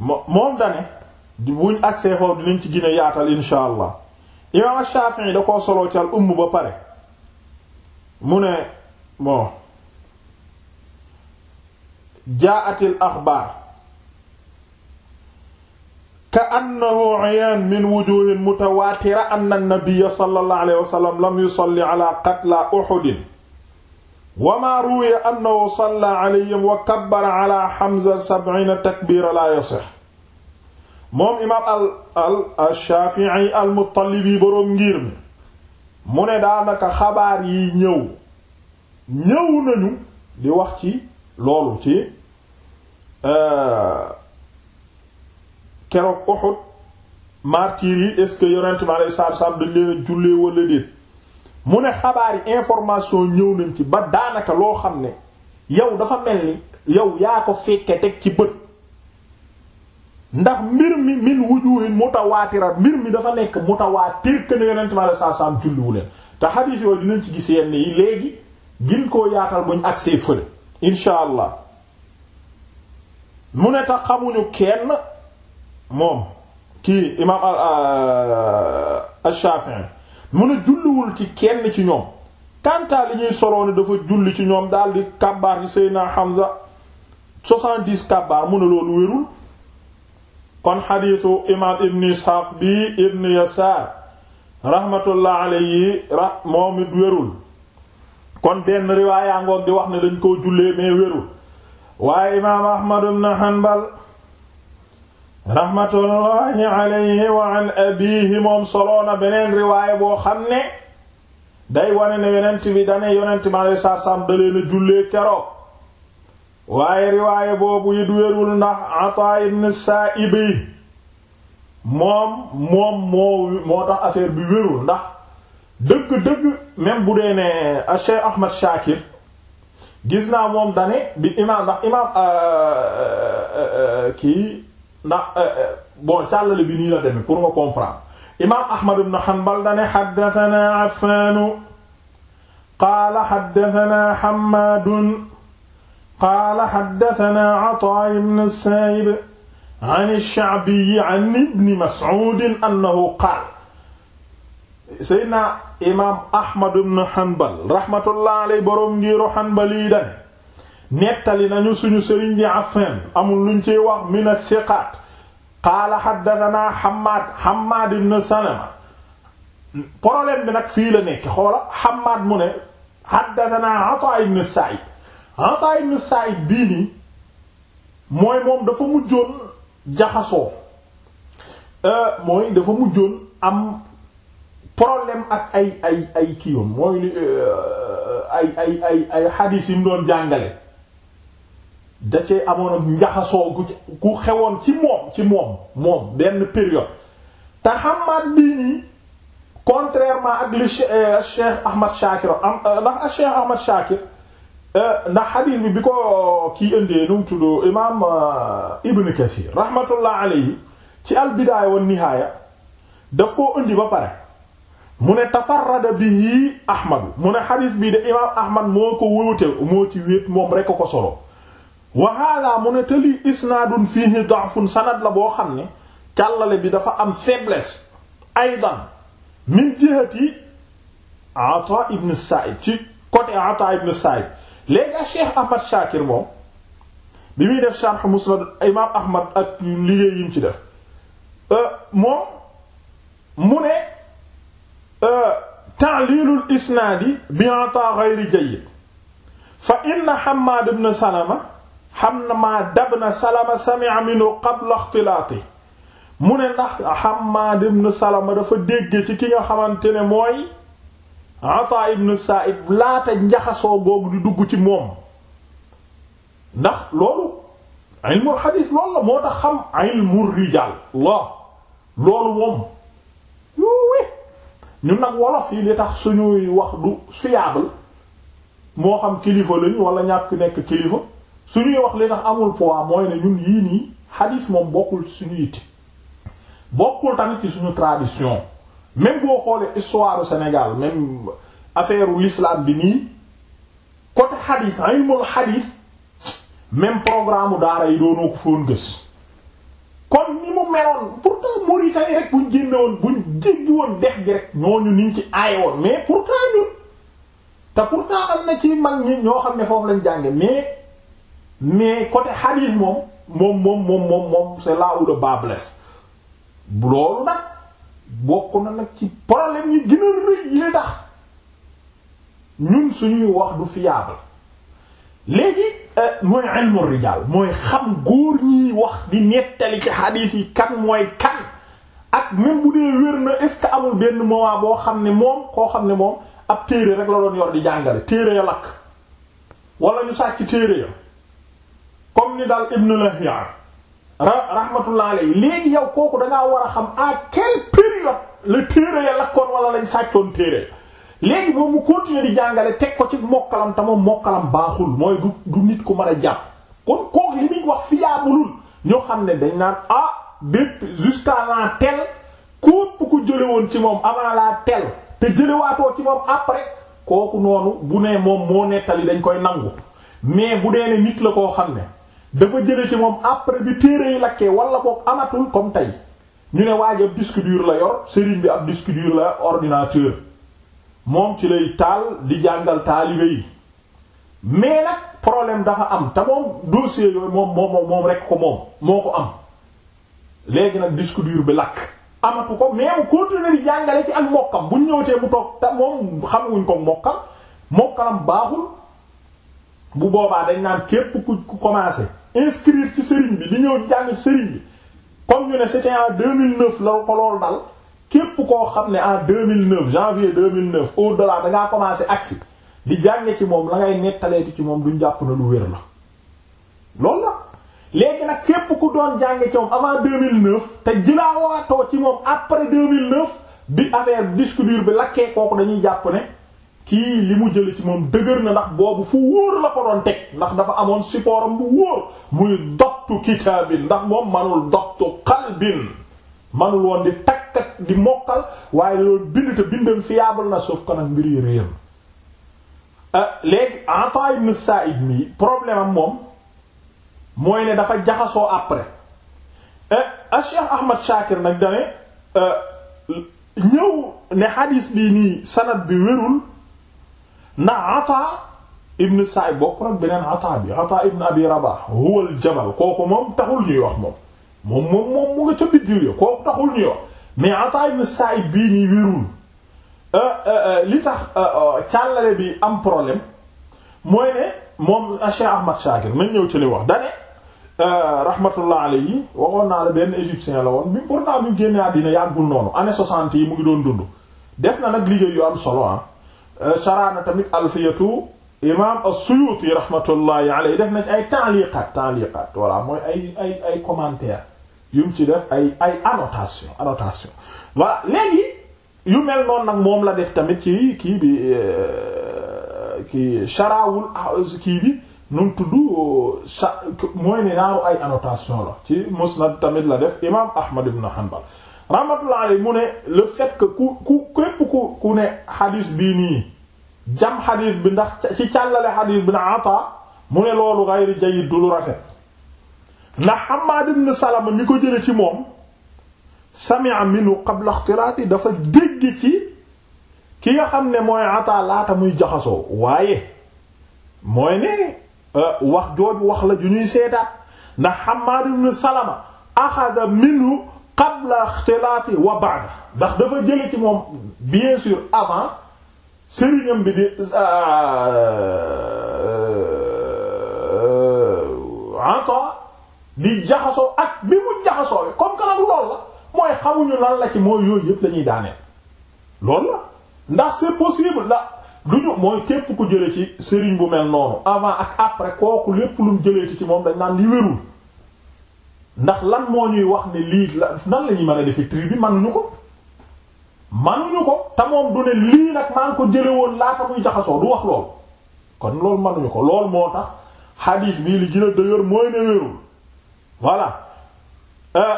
moom dane buñ agsee foofu dinañ ci gine yaatal insha allah imaam Shaafi'i da koo soloo ci al umm ba pare mu ne moo jaatil axbaar ka annahu ayaan min wujuhin mutawaatira anna an-nabiy sallallahu alayhi wa sallam lam yusalli ala qatla uhudin wa maa ruwiya annahu salla alayhim wa kabbara ala Hamza sab'iina takbiira laa yasih moom imaam al al al Shaafi'i al Muttalibi boroom ngir mi mu ne daanaka xabaar yi ñëw ñëw nañu di wax ci loolu ci euh, keroog Uhud martyrs yi est-ce que yonent mi alayhi salaatu wa salaam dañ leen a jullee walla déet mu ne xabaar yi information ñëw nañ ci ba daanaka loo xam ne yow dafa mel ni yow yaa ko fekke teg ci bët ndax mbir mi min wujuhin mutawaatira mbir mi dafa nekk mutawaatir que ne yonent mi alayhi salaam julliwu leen te xadiis yooyu dinañ ci gis yenn yi léegi gin koo yaatal buñ agsee fële incha allah mu ne tax xamuñu kenn moom kii imaam euh, euh, al Shaafi'i mu ne julliwul ci kenn ci ñoom kantaa li ñuy solooni dafa julli ci ñoom daal di kàbbaar yi Seydina Hamza soixante-dix kàbbaar mu ne loolu wérul kon xadiisu imaam ibn Isxaaq bi ibn Yasaar rahmatullah alayhi ra moom it wérul kon benn riwaayaa di wax na dañ koo jullee mais wérul waaye imaam Ahmad ibn Hanbal raxmatullahi alayhi wa an abiihi moom soloona beneen riwaaya boo xam ne day wane ne yonent bi dane yonent mi alayhi salaatu salaam da leen a jullee keroog waaye riwaaya boobu yi du wérul ndax Ataa ibn Saa'ib moom moom moo moo tax affaire bi wérul ndax dëgg-dëgg même bu dee ne ah, Cheikh Ahmad Shaakir gis naa moom dane bi imaam ndax imaam euh, euh, euh, kii ndax euh, euh, bon càllale bi nii la demee pour nga comprendre imaam Ahmad ibn Hanbal dane xaddatanaa Affaanu qaala xaddatanaa Hammaadun qaala xaddatanaa Ataa ibn Saa'ib an ash-Sha'bi an ibn Mas'uud annahu qaala Seydina imaam Ahmad ibn Hanbal rahmatullahi alayhi boroom ngiiru Hanbali dane nettali nañu suñu sëriñ di Affan amul luñ ci wax min as-siqaat qaala haddathana Hammaad Hammaad ibn problème bi nag fii la nekk xoola Hammaad mu ne haddathana Ataa ibn Sa'id Ataa ibn Sa'id bii nii mooy moom dafa mujjoon jaxasoo euh, mooy dafa mujjoon am problème ak ay ay ay kiiwam mooy euh, ay ay ay ay xadiis yi mu doon jàngale da ce amoon njaxasoo gu ku xewoon ci moom ci moom moom benn période te Hammaad nii contrairement ak li euh, Cheikh Ahmad Shakir am euh, ndax Cheikh Ahmad Shakir euh, ndax xadiis bi bi ko kii indee nu mu tudd imaam Ibn Kathir rahmatullah alayhi ci al-Bidaaya wa Nihaaya daf koo indi ba pare mu ne tafarrada bihi Ahmad mu ne xadiis bii de imaam Ahmad moo ko wóote moo ci wéet moom rekk ko solo. wa haadaa mu ne te lii isnaadun fiihi da'fun sanad la boo xam ne càllale bi dafa am faiblesse aydan min jihati Ata ibn Sa'id ci côté Ata ibn Sa'id léegi ak Cheikh Ahmad Shakir moom bi muy def sharh Musnad imaam Ahmad ak liggéey yi mu ci def euh, moom mu ne euh, ta'lilul isnaadi bi Ata ghayri jayyid fa inna Hammad ibn Salama Hammaad ibn Salama sami'a minhu qabla ixtilaati mu ne ndax Hammaad ibn Salama dafa dégg ci ki nga xamante ne mooy Ataa ibn Saa'ib laata njaxasoo googu di dugg ci moom ndax loolu ilmul xadiis loolu la moo tax xam ilmul rijaal loolu moom yoowe ñun nag wolof yi li tax suñuy wax du fiable moo xam kilifa lañ wala ñàkk nekk kilifa suñuy wax li tax amul poids mooy ne ñun yii nii xadiis moom bokkul ci suñu yitte bokkul tamit ci suñu tradition même boo xoolee histoire du Sénégal même affaire u bi nii côté xadiis ilmul xadiis même programme u daara yi doonoo ko foon gës kon ni mu rek buñ génne woon buñ jéggi woon dex gi rek ñooñu niñ ci aaye woon mais pourtant ñun te pourtant am na ci mag ñi ñoo xam ne foofu lañ jànge mais mais côté xadiis moom moom moom moom moom moom c'est là où le loolu nag bokk na nag ci problème yi gën a rëy yi tax ñun suñuy wax du fiable léegi euh, mooy ilmu rijaal mooy xam góor ñiy wax di nettali ci xadiis yi kan mooy kan ak même bu dee wér na est-ce que amul benn moment boo xam ne moom koo xam ne moom ab téere rek la doon yor di jàngale téere ya lakk wala ñu sàcc téere ya comme ni daal Ibn Lahya rahmatullah alayhi léegi yow kooku dangaa war a xam a quelle période la téere ya lakkoon wala lañ sàccoon téere léegi moom mu continuer di jàngale teg ko ci mokkalam te moom mokkalam baaxul mooy du du nit ku mën a jàpp kon kooku li muy wax fiyaabulul ñoo xam ne dañ naan ah depuis jusqu'à l'an tel képp ku jële woon ci moom avant la tel te jëlewaatoo ci moom après kooku noonu bu ne moom moo nettali dañ koy nangu mais bu dee ne nit la koo xam ne dafa jële ci moom après bi téere yi lakkee wala ko amatul comme tey ñu ne waaj ab disque la yor sëriñ bi ab disque dur la ordinateur moom ci lay taal di jàngal taalibe yi mais nag problème dafa am te moom dossier yooyu moom moom moom rek ko moom moo ko am léegi nag disque dur bi lakk amatu ko mais mu continuer di jàngale ci ak mbokkam bu ñëwtee bu toog te moom xamuñ ko mbokkal mokkalam baaxul bu boobaa dañ naan képp ku ku commencé inscrire ci sëriñ bi di ñëw jàng sëriñ bi comme ñu ne c'était en 2009 la ko lool dal képp koo xam ne en 2009 janvier 2009 au delà da ngaa commencé agsi di jànge ci moom la ngay nettaleeti ci moom duñ jàpp na lu wér la loolu na léegi nag képp ku doon jànge ci moom avant 2009 te jilaawaatoo ci moom après 2009 bi affaire discours bi lakkee kooku dañuy jàpp ne kii li mu jële ci moom dëgër na ndax boobu fu wóor la ko doon teg ndax dafa amoon supportam bu wóor muy dottu kitaabin ndax moom manul dottu qalbin manul woon di takkat di mokkal waaye loolu bind te bindam fiable na sauf ko nag mbir yi réer euh, léegi Ata ibn Sa'id mi problème am moom mooy ne dafa jaxasoo après ah Cheikh Ahmad Shakir nag dane euh, ñëw ne hadis bii nii sanad bi wérul ndax Ataa ibn Saay bokk nag beneen Ataa bi Ataa ibn Abi Rabah huwal jabal kooku moom taxul ñuy wax moom moom moom moom mu nga ca biddiw ya kooku taxul ñuy wax mais Ataa ibn Saay bii nii wérul euh, euh, euh, li tax càllale bi am problème mooy ne moom ah, Cheikh Ahmad Shakir nañ ñëw ci li wax dane rahmatullah alayhi waxoon naa la benn égyptien la woon bi pourtant bi génne àddina yàggul noonu année soixante yi mu ngi doon dund def na nag liggéey yu am solo ah Euh, sharaana tamit alfiyatu imaam as-Suyuti rahmatullahi alayhi def na ci ay ta'liqat ta'liqat voilà mooy ay ay ay commentaire yum ci def ay ay annotation annotation voilà léegi yu mel noonu nag moom la def tamit ci kii bi euh, kii sharaawul kii bi nun tudd mooy ne naaru ay annotation la ci musnad tamit la def imaam Ahmad ibn Hanbal rahmatullah alayhi mu ne le fekk ku ku ku ku ne xadis bii nii jam xadis bi ndax ci càllale xadis bi na ata mu ne loolu ghayr jayyid du lu rafet ndax Hammaad ibn Salama mi ko jële ci moom sami'a minhu qabla ixtiraati dafa dégg ci ki nga xam ne mooy ata laata muy jaxasoo waaye mooy ne euh, wax jooju wax la ju ñuy seetaat ndax Hammaad ibn Salama axada minhu qabla ixtilaati wa ba'da ndax dafa jële ci moom bien sûr avant sëriñam bi di euh, euh, anta di jaxasoo ak bi mu jaxasoo comme que nag loolu la mooy xamuñu lan la ci mooy yooyu yëpp lañuy daaneel loolu la ndax c'est possible la duñu mooy képp ku jële ci sëriñ bu mel noonu avant ak après kooku lépp lu mu jëlee ci moom dañ naan li wérul ndax lan moo ñuy wax ne lii nan la ñuy mën a defe tri bi manuñu ko manuñu ko te moom du ne lii nag maa ngi ko jële woon laata muy jaxasoo du wax lool kon loolu manuñu ko lool moo tax xadiis bii li gën a dëgër mooy ne wérul voilà euh,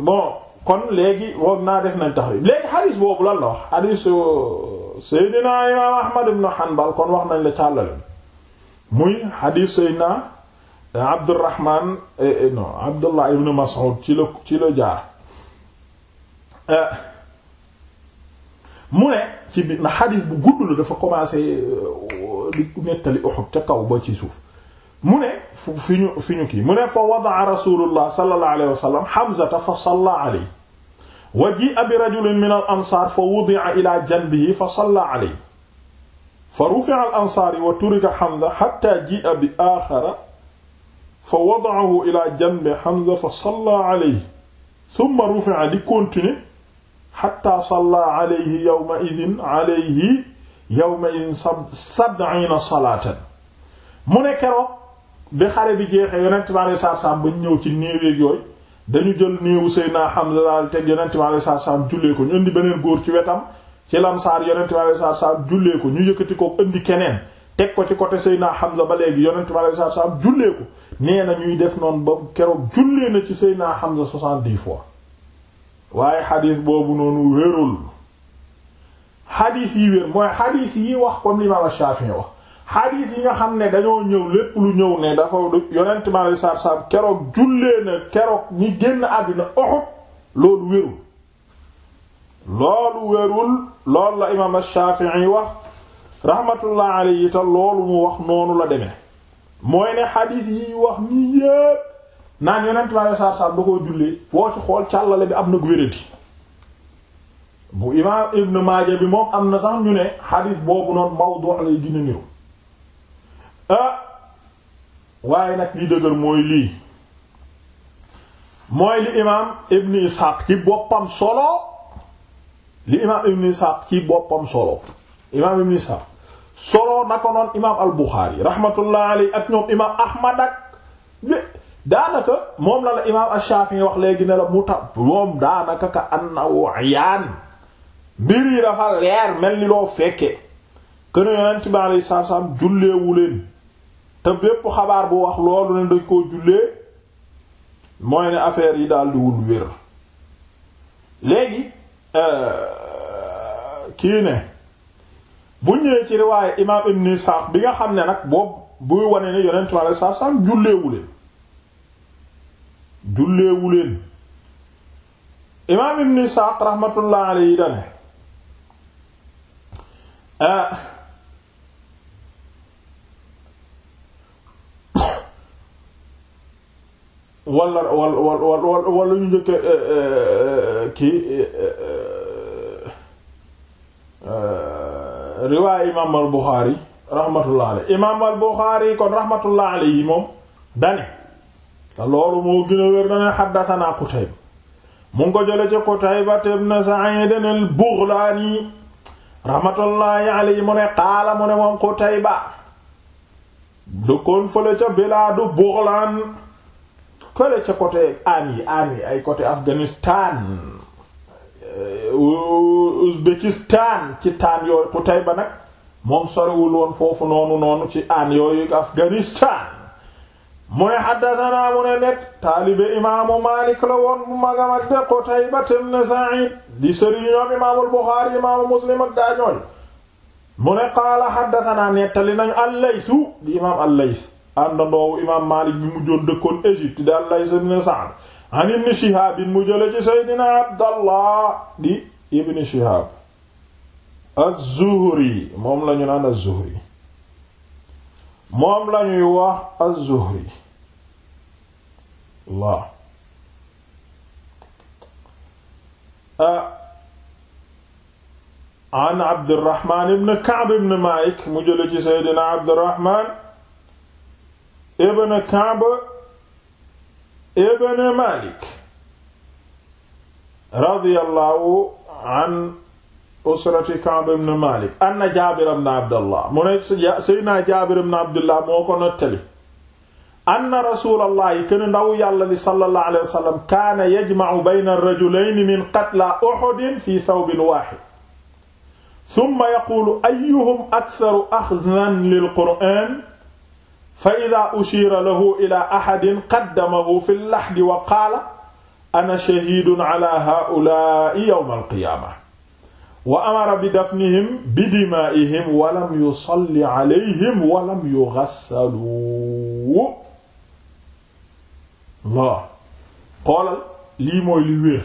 bon kon léegi woon naa def nañ tax léegi xadiis boobu lan la wax xadiis euh, Seydina Imaam Ahmad ibn Hanbal kon wax nañ la càllale muy xadiis Seydina Euh, Abdurrahman euh, euh, non Abdullah ibn Mas'ud ci la ci la jaar mu ne ci bi na xadiis bu gudd la dafa commencé di nettali Uhud ca kaw ba ci suuf mu ne fi ñu fi ñu kii mu ne fa wada'a rasulullah sallallahu alayhi wa sallam Hamzata fa salla alayhi wa ji'a bi rajulin min al ansaar fa wudi'a ila janbihi fa salla alayhi fa rufi'a al ansaari wa turika Hamza hatta ji'a bi aaxara fa wadaahu ila janbi Hamza fa salla alayhi thumma rufi'a di continuer hatta salla alayhi yawma idhin alayhi yawma idhin sab'iina salaatan mu ne keroog bi xare bi jeexee yonent bi alayhi salaatu salaam ba ñëw ci néeweeg yooyu dañu jël néewu Seydina Hamza daal teg yonent bi alayhi salaatu salaam jullee ko ñu indi beneen góor ci wetam ci lamsaar yonent bi alayhi salaatu ko ñu yëkkati ko indi keneen teg ko ci côté Seydina Hamza ba léegi yonent bi alayhi salaatu salaam jullee ko nee na ñuy def noonu ba keroog jullee na ci xam Hamza soixante-dix fois waaye xadiis boobu noonu wérul xadiis yi wér mooy xadiis yi wax comme l'imam Shafi'i wax xadiis yi nga xam ne dañoo ñëw lépp lu ñëw ne dafa yonent ma la saab saab keroog jullee na keroog ñi génn àddina Uhud loolu wérul loolu wérul loolu la imam Shafi'i wax rahmatullah alayhi te loolu mu wax noonu la demee mooy ne xadiis yi wax nii yépp naan yonent bi alei satu salaam da koo jullee foo ci xool càllale bi am na wéradi bu imaam ibn Maaja bi moom am na sax ñu ne xadiis boobu noonu mawdu lay gën niru ah waaye nag li dëgër mooy lii mooy li imaam ibn Isxaaq ci boppam solo li imaam ibn Isxaaq ci boppam solo imaam solo na ko noon imaam al Buxaari rahmatullah ak ñoom imaam Ahmad ak daanaka moom la la imaam Shaafi'i wax léegi ne la mu ta moom daanaka ka annahu ayaan mbir yi dafa leer mel ni loo fekke kën a yonent bi alayhi salaam julleewu leen te bépp xabaar bu wax loolu ne dañ koo jullee mooy ne affaire yi dal di wul wér léegi euh, kii ne bu ñëwee ci riwaaye imaam ibn Isxaaq bi nga xam ne nag boobu buy wane ne yonent mi alayhi salaatu salaam julleewu leen julleewu leen imaam ibn Isxaaq rahmatullah alayhi dane ah wala wala wala wala ñu njëkk eh, eh, eh, kii. riwaay imaam al Buxaari rahmatullah aley imaam al Buxaari kon rahmatullah aley yi moom dane te loolu moo gën a wér dane xaddatanaa Qutayba mu ngi ko jële ci Qutayba ibn Sa'id al Baghlaani rahmatullahi aley mu ne qaala mu ne moom Qutayba dëkkoon fële ca bilaadu Bughlaan kële ca côté aan yi aan yi ay côté Afghanistan Uzbekistan ci taan yooyu Qutayba nag moom soriwul woon foofu noonu noonu ci aan yooyu Afghanistan mu ne xaddatanaa mu ne net taalibe imaamu Maalik la woon bu magamag de Qutayba ibn Sa'id di sëriñ imaamul Buxaari imaamu Muslim ak ñooy mu ne qaala xaddatanaa nettali nañu al di imaam al-Layth àndandoowu imaam Maalik bi mujjoon dëkkoon Égypte di al-Layth ibn an ibni Shihaab mu jële ci Seydina Abdallah di ibni Shihaab az-Zuhri moom lañu naan az-Zuhri moom lañuy wax az-Zuhri la an Abdurrahman ibn Ka'b ibn Maalik mu jële ci Seydina Abdurrahman ibn Ka'b ibn Malik radiyallahu an usrati Ka'b ibn Malik anna Jaabir ibn Abdullah mu ne Seydina Jaabir ibn Abdullah moo ko nettali anna rasuulallahi ken ndaw yàlla li sallallahu alayhi wa sallam kaana yajma'u bayna ar-rajulayni min qatla Uhud fi thawbin waahid thumma yaqulu ayyuhum aktharu akhdhan lil-Qur'aan fa ida ushiira lahu ila ahadin qaddamahu fi llaxdi wa qaala ana shahidun ala haulaai yowm alqiyaama wa amara bi dafnihim bi dimaa'ihim walam yusalli alayhim walam yughassalu laa xoolal lii mooy li wér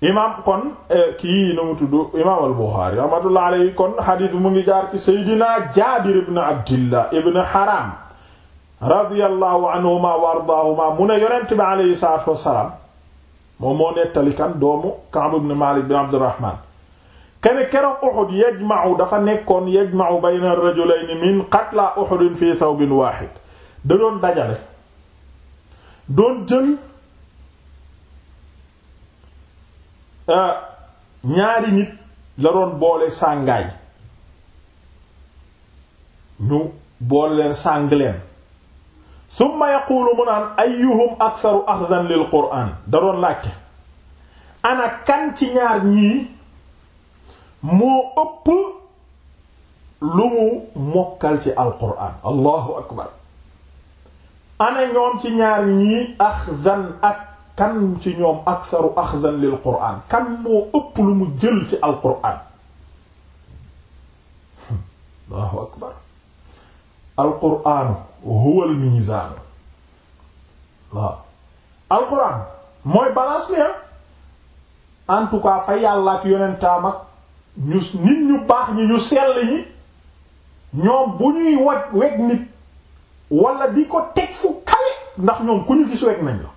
imaam kon eh, kii nu mu tudd imaam al-Bukhari rahmatullah alayhi kon xadiis mu ngi jaar ci Seydina Jaabir ibn Abdillah ibn Haram radiyallahu anhuma wa ardaahuma mu ne yonent bi alayhi moom moo nettali kan doomu Ka'b ibn Malik ibn Abdurrahman kene keroog Uhud yajma'u dafa nekkoon yajma'u bayna ar-rajulayni min qatla Uhud fi thawbin waahid da doon dajale doon jël Ah, ñaari nit la doon boole sàngaay ñu boole leen sàng leen summa yaqulu mu naan ayyuhum aktharu axdan lil qur'an da doon laajte ana kan ci ñaar ñii moo ëpp lu mu mokkal ci alqur'an allahu akbar ana ñoom ci ñaar ñii axdan ak kan ci ñoom aksaru axdan lil qur'an kan moo ëpp lu mu jël ci al qur'an allahu akbar al qur'an huwa al waaw al qur'an mooy balance bi ah. en tout cas fa yàlla ak yonentaam ak ñu nit ñu baax ñi ñu sell ñi ñoom bu ñuy waj weg nit wala di ko teg fu kawe ndax ñoom ku ñu gis weg nañ la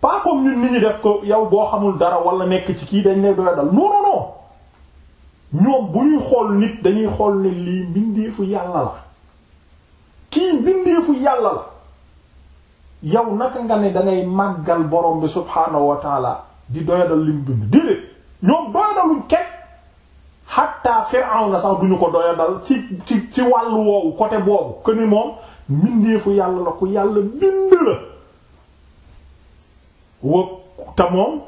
pas comme ñun nit def ko yow boo xamul dara walla nekk ci kii dañ ne doya dal non non ñoom bu ñuy xool nit dañuy xool ne lii mbindeefu yàlla la kii mbindeefu yàlla la yow naka nga ne dangay màggal borom bi subhaanahu wa di doyadal lim bind déedéet ñoom doyadaluñ kenn xatta Firawna sax duñu ko doyadal ci ci ci wàllu woowu côté boobu que ni moom mbindeefu yàlla la ko yàlla bind la wa te moom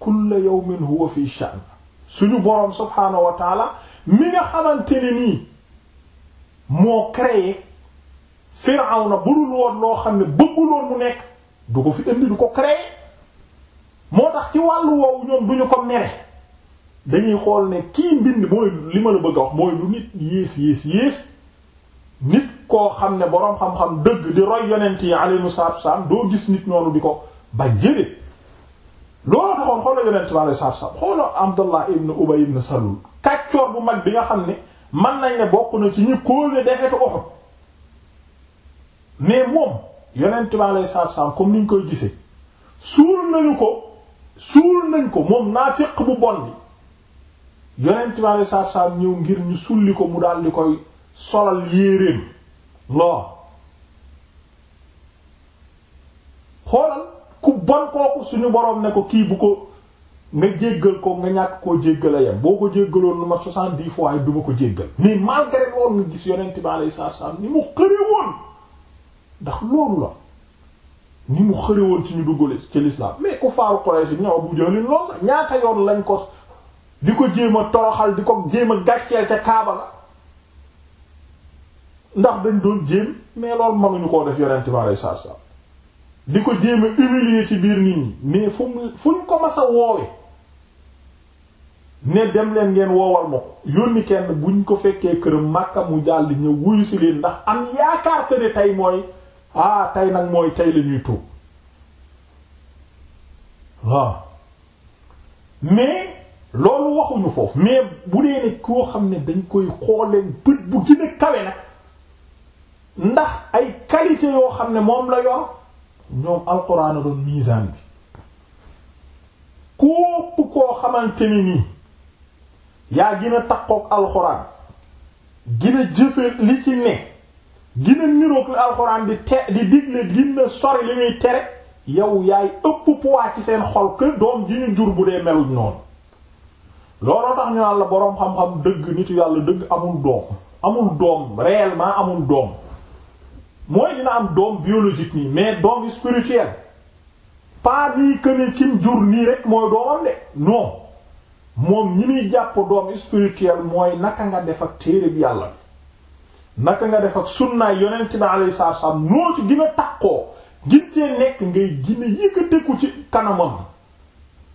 kulla yawmin huwa fi sha'n suñu boroom subhaanahu wa taala mi nga xamante ne nii moo créé Firawna budul woon loo xam ne bëgguloon mu nekk du ko fi du ko créé moo tax ci wàllu woowu ñoom ñu ko mere dañuy xool ne kii mbind mooy li ma la bëgg a wax mooy lu nit yées yées yées nit koo xam ne boroom xam-xam dëgg di roy yonent yi alayhi salaatu wa doo gis nit noonu di ko ba jëlee looloo taxoon xoolal yonent bi alayhi salaatu salaam xoolal Abdallah ibn Ubay ibn Salul kàccoor bu mag bi nga xam ne mën nañ ne bokk na ci ñu causé défaite Uhud mais moom yonent bi alayhi salaatu salaam comme ni ñu koy gisee suul nañu ko suul nañ ko moom naafiq bu bon bi yonent bi alayhi ñëw ngir ñu sulli ko mu daal di koy solal yéeréem lool xoolal. ku bon kooku suñu boroom ne ko kii bu ko nga jéggal ko nga ñàkk koo jéggala yem boo ko jéggaloon lu ma soixante-dix fois yi duma ko jéggal mais malgré loolu nga gis yonent bi ni mu xëre woon ndax loolu la ni mu xëre woon ci ñu duggale ci l'islam mais ku faaru Quraysh bi ñëw bu jëlin ñaata yoon lañ ko di ko jéem a toroxal di ko jéem a gàcceel ca Kaaba la ndax dañ doon jéem mais loolu mënuñu koo def yonent bi alayhi salaatu salaam di ko jéema a humilier ci biir nit ñi mais fu mu fu ñu ko mas a ne dem leen ngeen woowal ma ko yónni kenn buñ ko fekkee këram Makka mu daldi ñëw wuyu si leen ndax am yaakaar que ne tey mooy ah tey nag mooy tey la ñuy tuub waaw mais loolu waxuñu foofu mais bu dee ne koo xam ne dañ koy xooleen bët bu gën a kawe nag ndax ay qualité yoo xam ne moom la yor. ñoom alxuraan a doon misaan bi kópp koo xamante ni nii yaa gën takkook alxuraan gën a jëfe li ci ne gën a niroog li alxuraan di te di digle gën a li muy tere yow yaay ëpp poids ci seen xol kër doom ji ñu jur bu dee meluñ noonu looloo tax ñu naan la boroom xam-xam dëgg nitu yàlla dëgg amul doom amul doom réellement amul doom mooy dina am doom biologique nii mais doom spirituel pas nii que ne kim jur nii rek mooy doomam de non moom ñi muy jàpp doom spirituel mooy naka nga def ak téere bi yàlla bi naka nga def ak sunnaay yonent bi alayhi salaatu wasallam noo ci gën a takkoo gin cee nekk ngay gën yëkkateku ci kanamam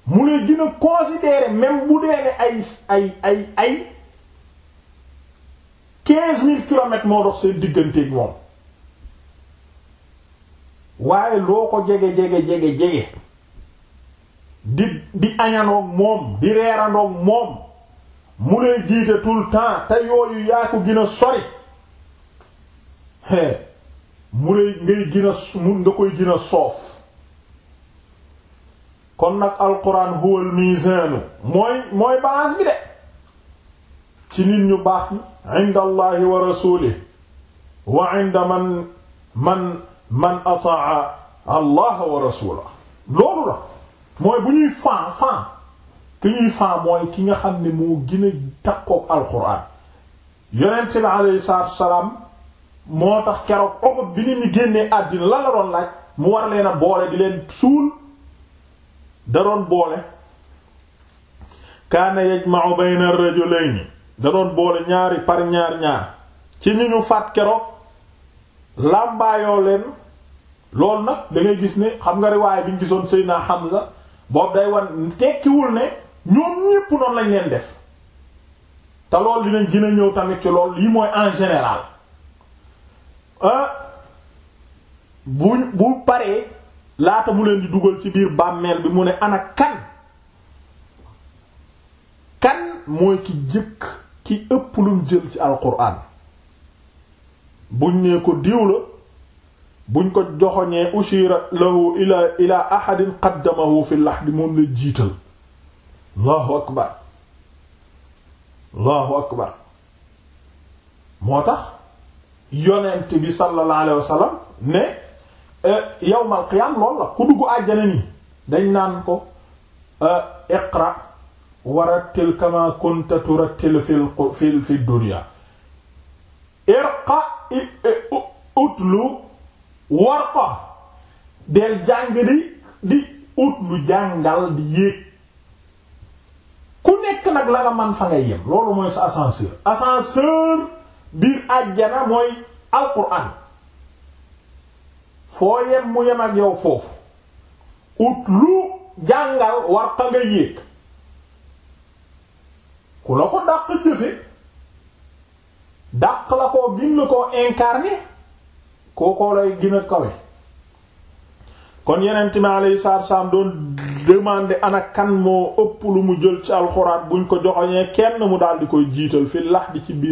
mu lay gën a considérer bu dee ne ay ay ay ay quinze mille kilomètres moo dox seen digganteeg moom waaye loo ko jege jege jege jege di di añanoog moom di reerandoog moom mu ne jiite tout le temps te yooyu yaa ko gën a sori mu lay ngay gën a soof kon nag alquran huwal mizaanu mooy mooy balance bi de ci nit ñu baax ni inda allahi wa wa man man man ataa allah wa rasula loolu la mooy bu ñuy fan fan ki ñuy fan mooy ki nga xam ni mu gën a takkoog alquran yonent bi aleyhi moo tax keroog oxob bi ni ñu génnee àddina la la doon laaj mu war leen boole di leen suul da doon boole kaana yajma'u bayna ar-rajulayni da doon boole ñaari par ñaar ñaar ci ñu ñu faat keroog làmbaayoo leen loolu nag dangay gis ni xam nga riwaay bi ñu gisoon Seydina Hamza boobu day wan tekkiwul ne ñoom ñépp noonu lañ leen def te loolu dinañ gën ñëw tamit ci lool lii mooy en général ah, bu bu paree laata mu leen di dugal ci biir bàmmeel bi mu ne ana kan kan mooy ki jëkk ki ëpp lum jël ci alquran buñ nee ko diw buñ ko joxoñee ushira lahu ila ila ahadin qaddamahu fi lahdi moom la jiital allahu akbar allahu akbar moo tax yonent bi sallallahu alayhi ne eh, yawmal qiyaam lool la ku dugg àjjana ni dañ naan ko eh, iqra warattil kama kunta turattil fil fil fi dunya irqa utlu war ko del jàng di di ut lu jàngal di yéeg ku nekk nag la fa ngay yem loolu mooy sa ascenseur ascenseur biir àjjana mooy alquran foo yem mu yem ak yow foofu ut lu jàngal war ko nga yéeg ku la ko dàq jëfe dàq la koo gin la koo kookoo lay gën a kawe kon yeneen mi alayhi salaatu salaam doon demander ana kan moo ëpp lu mu jël ci alxuraan buñ ko joxoñee kenn mu daal di koy jiital fi lax di ci biir